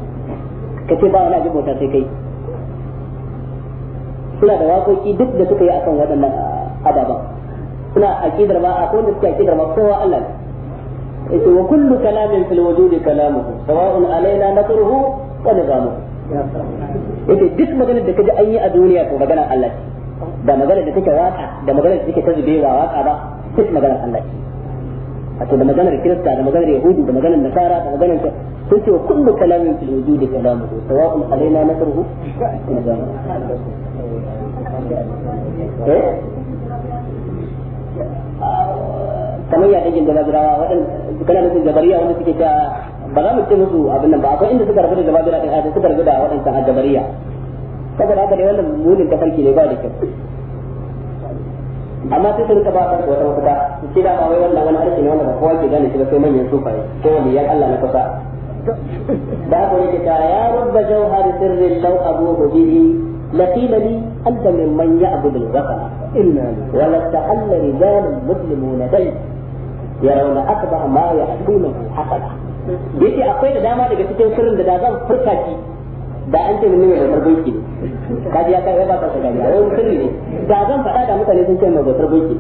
ka ce ba wani abin bauta sai kai suna da waƙoƙi duk da suka yi akan waɗannan ababen suna aƙidar ba a kowanne suke aƙidar ma kowa Allah ne yace wa kullu kalamin fil wujudi kalamuhu sawa'un alaina nasruhu wa nizamuhu yace duk maganar da kaji an yi a duniya to maganar Allah ce da maganar da take waka da maganar da take ta zubewa waka ba duk maganar Allah ce wato da maganar kirista da maganar yahudu da maganar nasara da maganar sun ce wa kullu kalamin fil wujudi kalamuhu sawa'un alaina nasruhu eh kamar ya dangin da labirawa waɗanda kana nufin jabariya wanda suke ta ba za mu ce musu abin nan ba akwai inda suka rabu da jabariya ɗin a suka rabu da waɗansa a jabariya saboda haka dai wannan munin tafarki ne ba da kyau amma sai su rika ba kansu wata mafita su ce dama wai wannan wani harshe ne wanda ba kowa ke gane shi ba sai manyan sufaye ko wani yan Allah na kusa da haka yake ta ya rubba jawhar sirrin law abuhu bihi لقيل لي أنت ممن يعبد الوثن إلا ولتحل رجال مسلمون دي يرون أقبح ما يحكونه حسنا yake akwai da dama daga cikin sirrin da da zan furta ki da an ce mun da bautar ne ka ji ya kai ba ta shiga ne wani sirri ne da zan faɗa da mutane sun ce mai bautar gunki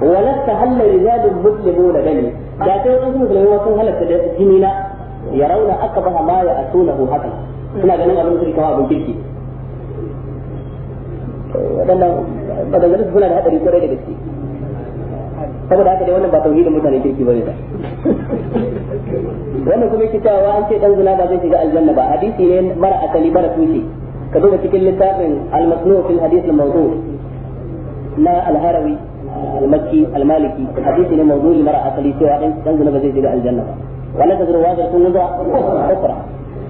walas ta halla rijalul muslimuna dani da sai wasu musulmai sun halatta da jini na ya rauna aka ba ma ya asulahu haka suna ganin abin sirri kawai abin kirki waɗannan maganganun suna da haɗari kwarai da gaske saboda haka dai wannan ba da mutane kirki ne ba wannan kuma yake cewa an ce dan zina ba zai shiga aljanna ba hadisi ne mara asali mara tushe ka duba cikin littafin al-masnu fil hadith al-mawdu na al-harawi al-makki al-maliki hadisi ne mawdu mara asali cewa dan zina ba zai shiga aljanna ba wannan da zuwa da zuwa ukra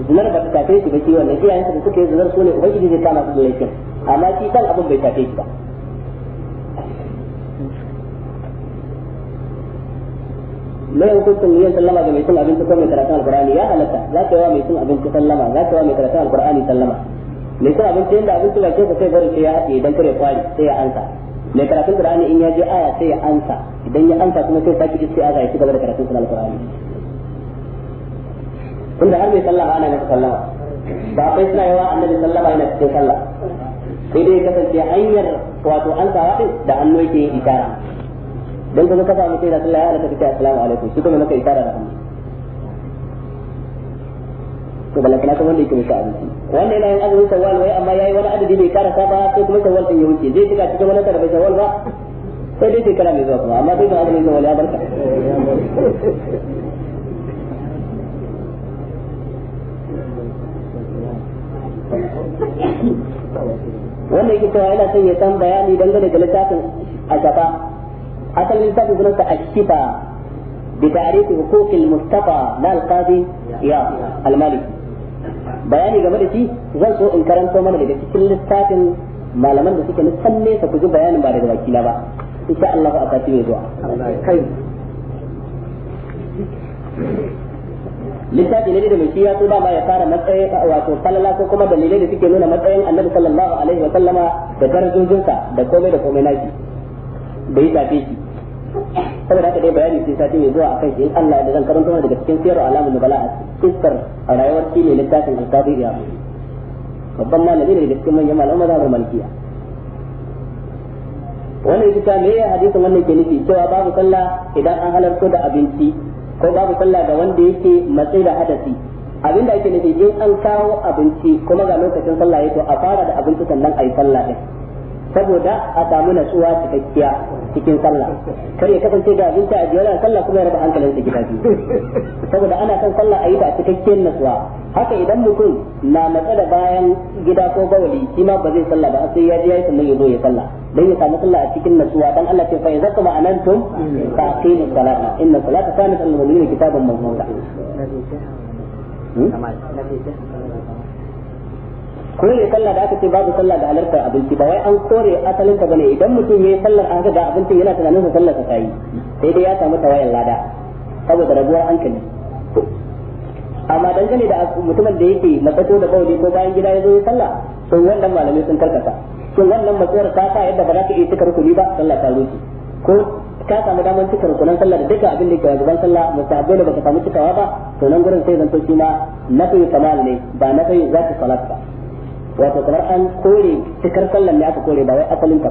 zinar ba ta tafe shi ba shi wannan iyayen da suka yi zinar su ne ubangiji zai kama su da laifin amma shi kan abin bai tafe shi ba me hukuncin yin sallama ga mai cin abinci ko mai karatun alqur'ani ya halatta za ka yi wa mai cin abinci sallama za ka yi wa mai karatun alqur'ani sallama mai cin abinci yanda abinci ba ke sai bari sai ya haɗe idan kare kwari sai ya ansa mai karatun qur'ani in ya je aya sai ya ansa idan ya ansa kuma sai saki ce aya ya ci gaba da karatun sunan alqur'ani tunda har mai sallama ana masa sallama ba kai suna yawa annabi sallama yana cikin sallah sai dai kasance hanyar wato ansawa din da hannu yake yin isara dan kuma ka samu sai da Allah ya alaka kace assalamu alaikum shi kuma naka ikara da hannu to bala kana kuma da yake musa abinci wannan yana yin azumin sawal wai amma yayi wani adadi bai karasa ba ko kuma sawal din ya wuce zai shiga cikin wani karbe sawal ba sai dai shekara mai zuwa kuma amma dai ga azumin sawal ya barka wannan yake cewa yana son ya san bayani dangane da littafin a shafa asalin littafin sunan sa al-shifa bi ta'rif huquq al-mustafa na al ya al bayani game da shi zan so in karanto mana daga cikin littafin malaman da suke nisan nesa ku ji bayanin ba daga baki ba insha Allah a sati mai zuwa kai littafi ne da mai shi ya so dama ya fara matsayin wato falala ko kuma dalilai da suke nuna matsayin annabi sallallahu alaihi wa sallama da darajojinsa da komai da komai naki da ya shafe shi saboda haka dai bayani sai sati mai zuwa kai in Allah da zan karanto daga cikin sirru alamun nubala a iskar a rayuwar shi ne littafin al-kafi ya babban malami ne da cikin manyan malaman mazhabar malikiya wannan ita ta meye hadisin wannan ke nufi cewa babu sallah idan an halarta da abinci ko babu sallah ga wanda yake matsayin da hadasi abin da ake nufi in an kawo abinci kuma ga lokacin sallah ya to a fara da abinci sannan a yi sallah din saboda a samu natsuwa cikakkiya cikin sallah kar ya kasance ga abinci a jiyar sallah kuma ya raba hankalinsa gida biyu saboda ana kan sallah a yi ta cikakkiyar natsuwa haka idan mutum na matsa da bayan gida ko bawali shi ma ba zai sallah ba sai ya je ya yi sannan ya zo ya sallah dan ya samu sallah a cikin natsuwa dan Allah ce fa idza kuma anantum fa aqimu salata inna salata kanat al-mu'minina kitaban mawquta hmm? ne sallah da aka ce babu sallah da halarta abinci ba wai an kore asalin ka bane idan mutum yayi sallar aka ga abincin yana tunanin sa sallar sa tayi sai dai ya samu tawayan lada saboda rabuwar hankali amma dangane da mutumin da yake matsato da bauli ko bayan gida ya zo ya sallah to wannan malamai sun karkata sun wannan matsuwar ta sa yadda ba za ka iya cika rukuni ba sallah ta rushe ko ka samu damar cika rukunan sallah da duka abin da ke gaban sallah musahabbai da baka samu cikawa ba to nan gurin sai zanto shi ma nafi kamal ne ba nafi ka salata ba wato kamar an kore cikar sallan ne aka kore ba wai asalin ka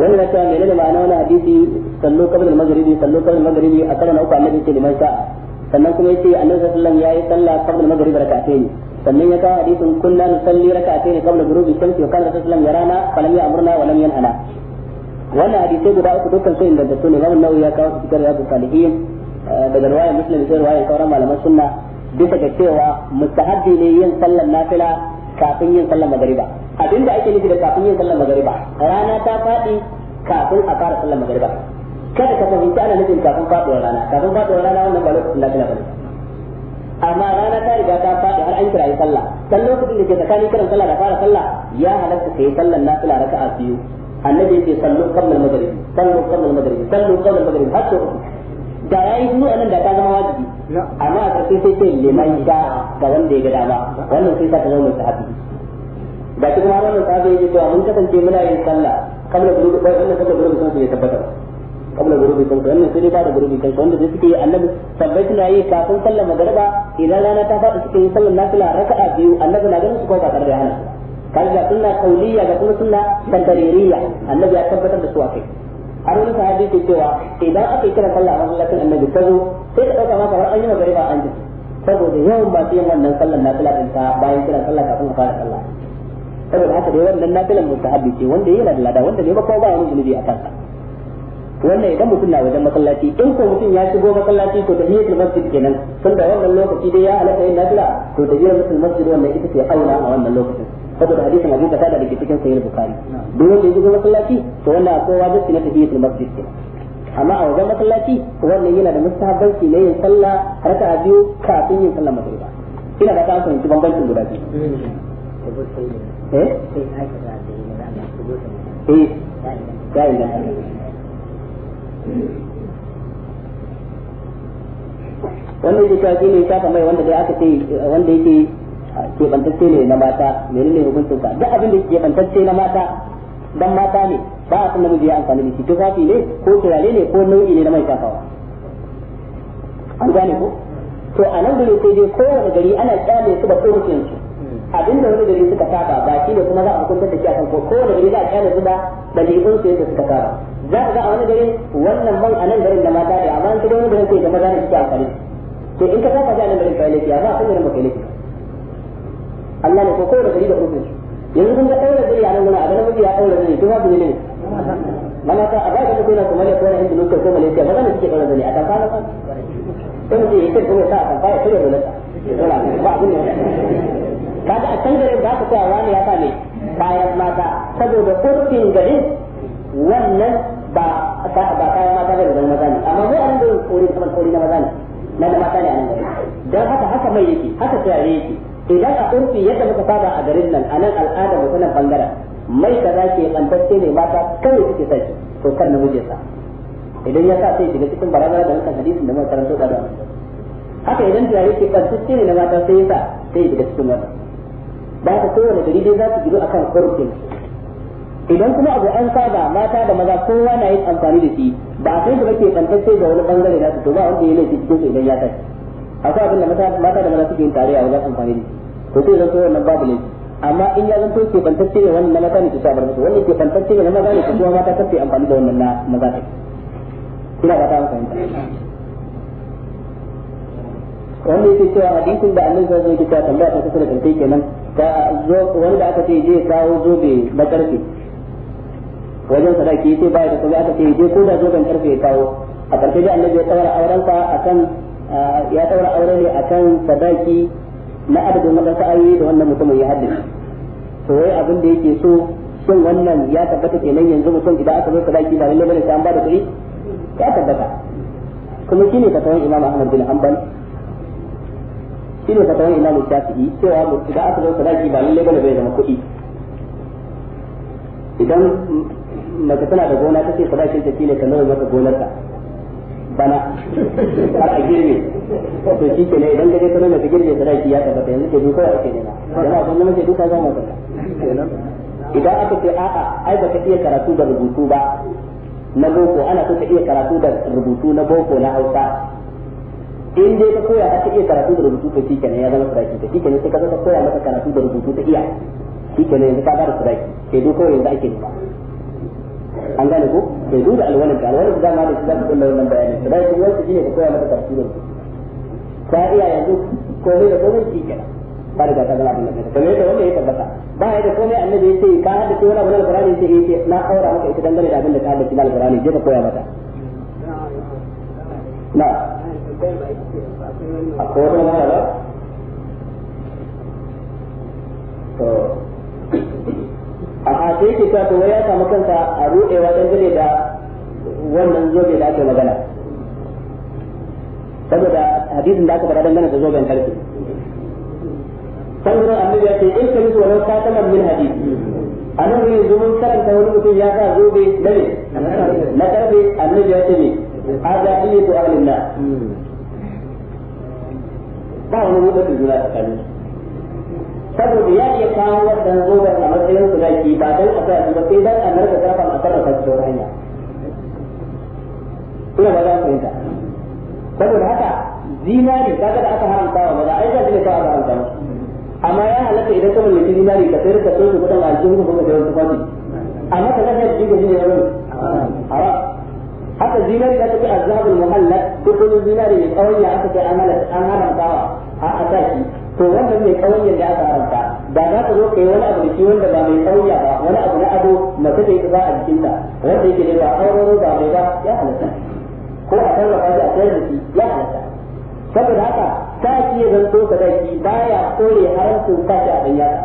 wani na cewa menene ma'ana wani hadisi sallo kabin al-maghribi sallo kabin al-maghribi a na uku annabi ce liman sa'a sannan kuma yace annabi sallallahu alaihi wasallam yayi sallah kabin al-maghribi ne sannan ya kawo hadisin kunna nusalli rak'atayn qabla ghurubi shamsi wa kana sallallahu yarana falam ya'murna wa lam yanhana wannan hadisai guda uku dukkan su ingantattu ne Imam Nawawi ya kawo su cikin Riyadus Salihin Eh, daga riwayar muslim sai riwayar sauran malaman sunna bisa ga cewa mustahabbi ne yin sallar nafila kafin yin sallar magariba abinda ake nufi da kafin yin sallar magariba rana ta faɗi kafin a fara sallar magariba kada ka fahimci ana nufin kafin faɗuwar rana kafin faɗuwar rana wannan ba lokacin nafila bane amma rana ta riga ta faɗi har an kira yi sallah dan lokacin da ke tsakanin kiran sallah da fara sallah ya halatta kai sallar nafila raka'a biyu annabi ce sallu kammal al sallu kammal al sallu kammal al-maghrib har da yayi su anan da ta zama wajibi amma a ƙarshe sai ce liman ta ga wanda ya ga dama wannan sai ta zama mustahabi da kuma wannan sahabi yake cewa mun kasance muna yin sallah kamar wannan sun ya tabbata wannan sai ba da wanda sai suke annabi sabbai suna yi kafin sallar magariba idan rana ta fada suke yin sallar nafila raka'a biyu annabi na ganin su ba tare da hana kaga sunna kauliyya ga kuma sunna tantaririya annabi ya tabbatar da su a kai har wani sahabi ke cewa idan aka yi kiran sallah a masallacin annabi ta zo sai ta dauka maka har an yi magari ba an ji saboda yawan masu yin wannan sallar na din ta bayan kiran sallah kafin ka fara sallah saboda haka dai wannan nafilan mustahabi ce wanda yana da lada wanda ne ba ko ba wani zunubi a kansa wannan idan mutum na wajen masallaci in ko mutum ya shigo masallaci to tahiyatul masjid kenan tun da wannan lokaci dai ya halaka yin nafila to tahiyatul masjid wannan ita ce aula a wannan lokacin saboda hadisin Abu Qatada da ke cikin sahih Bukhari duk wanda ya zo masallaci to wannan akwai wajibi na tahiyatul masjid amma a wajen masallaci wannan yana da mustahabanci ne yin sallah raka'a biyu kafin yin sallar magriba ina da ka fahimci bambancin guda biyu eh eh ya wannan yake shi ne shafa mai wanda dai aka ce wanda yake keɓantacce ne na mata menene hukuncin ka duk abin da ke keɓantacce na mata dan mata ne ba a san namiji ya amfani da shi tufafi ne ko turare ne ko nau'i ne na mai shafawa an gane ko to a nan gure sai dai kowane gari ana kyale su da kurkin su abinda wani gari suka saba ba shi ne kuma za a hukuntar da shi akan ko kowane gari za a kyale su da dalilin su yadda suka saba za a ga a wani gari wannan man a nan garin da mata ne amma an da wani gari sai da maza ne suke amfani to in ka saba shi nan garin kai laifi amma a kan ne ba kai laifi Allah ne ko ko da da hukuncin yanzu kun ga daura dare a nan muna abin mafi ya daura dare kuma bin ne mana ta aba da kuma kuma ne ko na hindu ko kuma ne ke magana take daura dare a kan kana kan dan ce yake kuma ta kan fara shirye dole ta ba abin ne kaga a can garin ba ka cewa wani ya sa ne kayan mata saboda kurfin garin wannan ba ba kayan mata bane da maza ne amma mu an da kori kamar kori na maza ne na da mata ne a nan garin dan haka haka mai yake haka tare yake idan a urfi yadda muka saba a garin nan a nan al'ada mu sanan bangaren mai kaza ke bantacce ne mata kawai suke sa shi to kan namijin sa idan ya sa sai shiga cikin barazana da wannan hadisin da muka karanto da haka idan turare ke bantacce ne na mata sai ya sa sai shiga cikin wannan ba ta kowane gari dai za su gido akan urfin idan kuma abu an saba mata da maza kowa na yin amfani da shi ba a kai da kake bantacce ga wani bangare na su to ba wanda ya laifi cikin idan ya tashi akwai abin da mata da maza suke yin tarayya wajen amfani da ko sai zan so wannan babu ne amma in ya zanto ke bantacce ne wannan mata ne ke shabar musu wannan ke bantacce ne na maza ne kuma mata kar amfani da wannan na maza ne kina ba ta amfani wanda yake cewa hadisin da annabi sallallahu alaihi wasallam tambaya ta kusa da kai kenan ka zo wanda aka ce je kawo zobe na karfe wajen sadaki sai baya da kuma aka ce je ko da zo ban karfe ya kawo a karshe da annabi ya tsawara aurensa akan ya daura aure ne a kan sadaki na adadin wadansu ayoyi da wannan mutumin ya haddace to wai abin da yake so shin wannan ya tabbata kenan yanzu mutum idan aka zo sadaki ba lalle bane sai an da kuɗi ya tabbata kuma shine fatawan Imam Ahmad bin Hanbal shine fatawan Imam Shafi'i cewa idan aka zo sadaki ba lalle bane bai zama kuɗi idan mace tana da gona take sadakin ta shine ka nawa maka gonarka bana har a girbe to shi ke ne idan ka ta ka nuna ka girbe daki ya tabbata yanzu ke duka ya ake nema yana kun nuna ke duka zama ta idan aka ce a'a ai baka iya karatu da rubutu ba na boko ana so ka iya karatu da rubutu na boko na hausa in dai ka koya aka iya karatu da rubutu to ne ya zama sadaki to ne sai ka zata koya maka karatu da rubutu ta iya ne yanzu ka ba suraki ke sai duk kawai yanzu ake nema an gane ko bai duba alwalin da alwalin da ma da shi zaka kullu wannan bayani da bai kuma wani shine ka koya maka tafsirin ka iya yanzu ko ne da komai shi kenan ba da ta gaba da kake kamar da wanda ya tabbata ba ya da komai annabi ya ce ka hada ce wani alqur'ani sai ya ce na aura maka ita dangane da abin da ka hada cikin alqur'ani je ka koya mata na akwai wani magana ba to a sai yake cewa to wai ya samu kanta a ruɗewa dangane da wannan zobe da ake magana saboda hadisin da aka faɗa dangane da zoben karfe sannan annabi ya ce in ka musu wannan kataman min hadisi a nan ne zumun karanta wani mutum ya sa zobe na ne na karfe annabi ya ce ne haza iya to ahlin na ba wani mutum juna tsakanin saboda ya iya kawo wannan zoben a matsayin su zaki ba dan a sa su sai dan a narka gafa a sarrafa shi wani hanya ina ba za ku yinta saboda haka zinari kaga da aka haramta wa maza ai za su ne kawai haramta amma ya halatta idan kuma mai zinari ka sai ka soke kudin aljihu kuma da wasu fasi amma ka zaka ji gaji ne wani haram haka zinari da take azhabul muhallal dukkan zinari mai tsawon ya aka kai an haramta wa a ataki to wannan ne kawai da aka ka zo kai wani abu da shi wanda ba mai sauya ba wani abu na ado mace ta yi ba a ta wanda yake da ba auraro ba mai ba ya halatta ko a san rafa a sayar da shi ya halatta saboda haka ta ki ya zanto ka daki baya kore haramcin kashi a ɗan yaka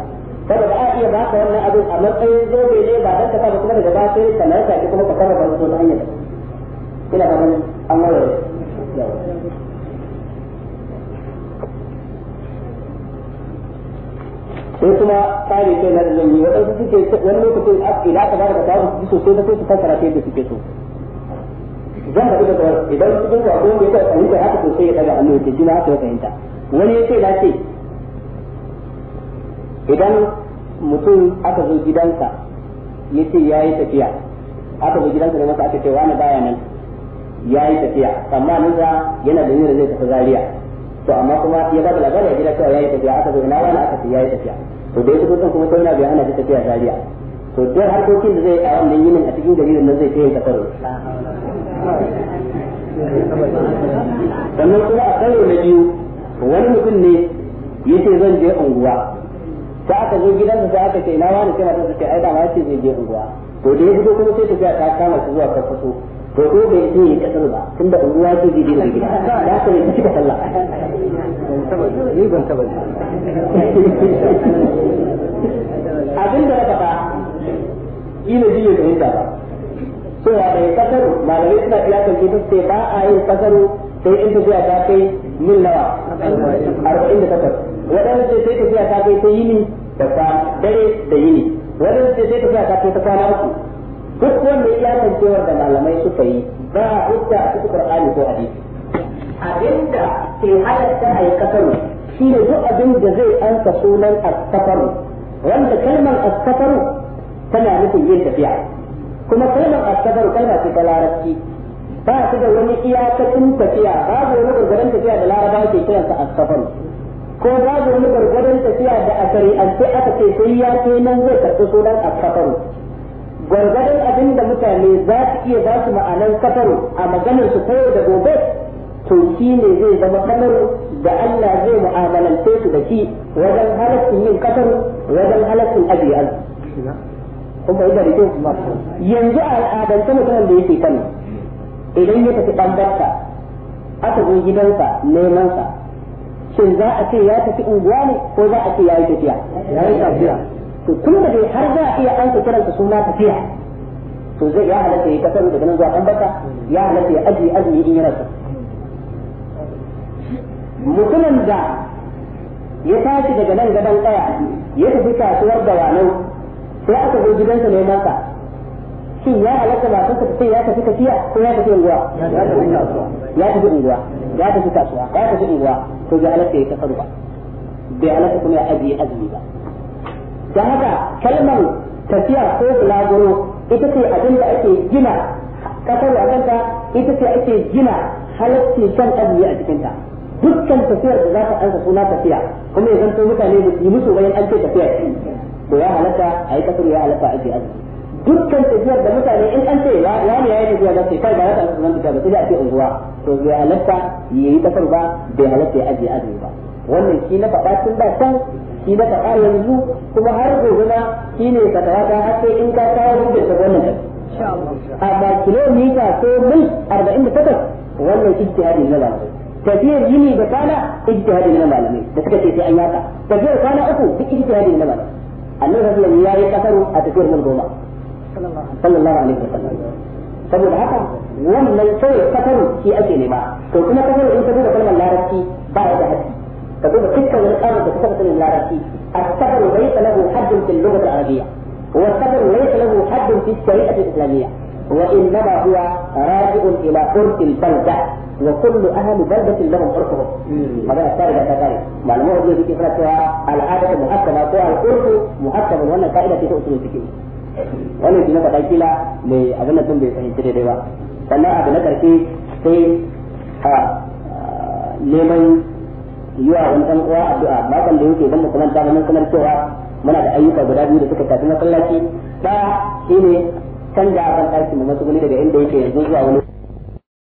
saboda a iya baka wannan abin a matsayin zobe ne ba dan ka kuma daga baya sai ka narka shi kuma ka sarrafa shi ta hanyar ina ba an wani ko kuma kare kai na da ne wadansu suke wani lokacin ila ka ba da ka su ji sosai da sai su fassara ta yadda suke so zan faɗi da kawar idan cikin wato ya ta fahimta haka sosai ya ɗaga hannu ya ce shi ma haka ya fahimta wani ya ce na idan mutum aka zo gidansa ya ce ya yi tafiya aka zo gidansa da masa aka ce wani baya nan ya yi tafiya amma nan za yana da niyyar zai tafi zariya to amma kuma ya ba da labarin gida cewa ya yi tafiya aka zo ina wani aka ce ya yi tafiya to da ya fito kuma sai yana bayana da tafiya zariya to duk harkokin da zai a wannan yinin a cikin dalilin nan zai kai ta karo sannan kuma a karo na biyu wani mutum ne yace zan je unguwa sai aka zo gidansa sai aka ce ina wani sai matarsa ke ai da ma yace zai je unguwa to da ya kuma sai tafiya ta kama su zuwa kafaso to ko bai ce ya kasar ba tun (laughs) da ruwa ce zai dina gida da ka yi cika sallah ni ban taba abin da ka fa ina ji ya fahimta ba cewa bai kasar malamai suna iya kan gidan sai ba a yin kasaro sai in tafiya ta kai min nawa arba'in da takwas waɗansu ce sai tafiya ta kai ta yini da dare da yini ce sai tafiya ta kai ta kwana uku duk wanda ya kasancewar da malamai suka yi ba a hujja a cikin Qur'ani ko hadisi abinda ke halatta a yi kasaru shi ne duk abin da zai ansa sunan astafaru wanda kalmar astafaru tana nufin yin tafiya kuma kalmar astafaru kalma ce ta larabci ba su da wani iyakacin tafiya babu wani gurgurdan tafiya da larabawa ke kiransa astafaru ko babu wani gurgurdan tafiya da a shari'ance aka ce sai ya ke nan zai karɓi sunan astafaru gwargwadon abin da mutane za su iya ba su ma'anar kafaro a maganar su koyo da gobe to shi ne zai zama kamar da Allah zai mu'amalance su da shi wajen halaccin yin kafaro wajen halaccin abiyan yi. bai da rike yanzu a al'adance mutumin da yake kano idan ya tafi ɗanbarsa aka zo gidansa neman shin za a ce ya tafi unguwa ne ko za a ce ya yi tafiya ya yi tafiya to kun da dai har za a iya anka kiransa suna tafiya to zai ya halatta ya kasar daga nan zuwa kan baka ya halatta ya ajiye azumi in yana so mutumin da ya tashi daga nan gadon kaya ya tafi kasuwar da wanau sai aka zo gidansa ne masa shin ya halatta matarsa ta ce ya tafi tafiya ko ya tafi unguwa ya tafi unguwa ya tafi kasuwa ya tafi unguwa to bai halatta ya kasar ba bai halatta kuma ya ajiye azumi ba da haka kalmar tafiya ko bulaguro ita ce abin da ake gina kasar wadanta ita ce ake gina halarci kan azumi a cikinta dukkan tafiyar da za ta ansa suna tafiya kuma ya zanto mutane da yi musu bayan an ce tafiya to ya halatta a yi kasar ya halatta ake azumi dukkan tafiyar da mutane in an ce wani ya yi tafiya za su yi kai ba ya ta ansa sunan tafiya ba sai da ake unguwa to ya halatta ya yi kasar ba bai halatta ya ajiye azumi ba wannan shi na faɗa tun da san shi na faɗa yanzu kuma har gobe ma shi ne ka tsaya har sai in ka kawo hujjar ta wannan amma kilomita ko mil arba'in da takwas wannan ijtihadi na malamai tafiyar yini da kwana ijtihadi na malamai da suka ce sai an yaka tafiyar kwana uku duk ijtihadi na malamai annabi sallallahu alaihi wasallam ya yi kasaru a tafiyar mil goma sallallahu alaihi wasallam saboda haka wannan sai kasaru shi ake nema to kuma kasaru in ka duba kalmar larabci ba ya da haƙƙi فدول تلك من الأرض بصفة للعراقي السفر ليس له حد في اللغة العربية والسفر ليس له حد في الشريعة الإسلامية وإنما هو راجع إلى عرف البلدة وكل أهل بلدة لهم عرفهم هذا الثالث الثالث معلومة دي في كفرتها العادة محكمة والعرف محكم وأن القاعدة في أصول الفقه wannan shi na faɗa kila mai abin nan bai fahimci daidai ba sannan abu na ƙarshe sai neman yi wani ɗan uwa addu'a bakan da yake dan mu kuma da mun sanar cewa muna da ayyuka guda biyu da suka tafi masallaci ɗaya shine canja ban ɗaki mu masu wani daga inda yake yanzu zuwa wani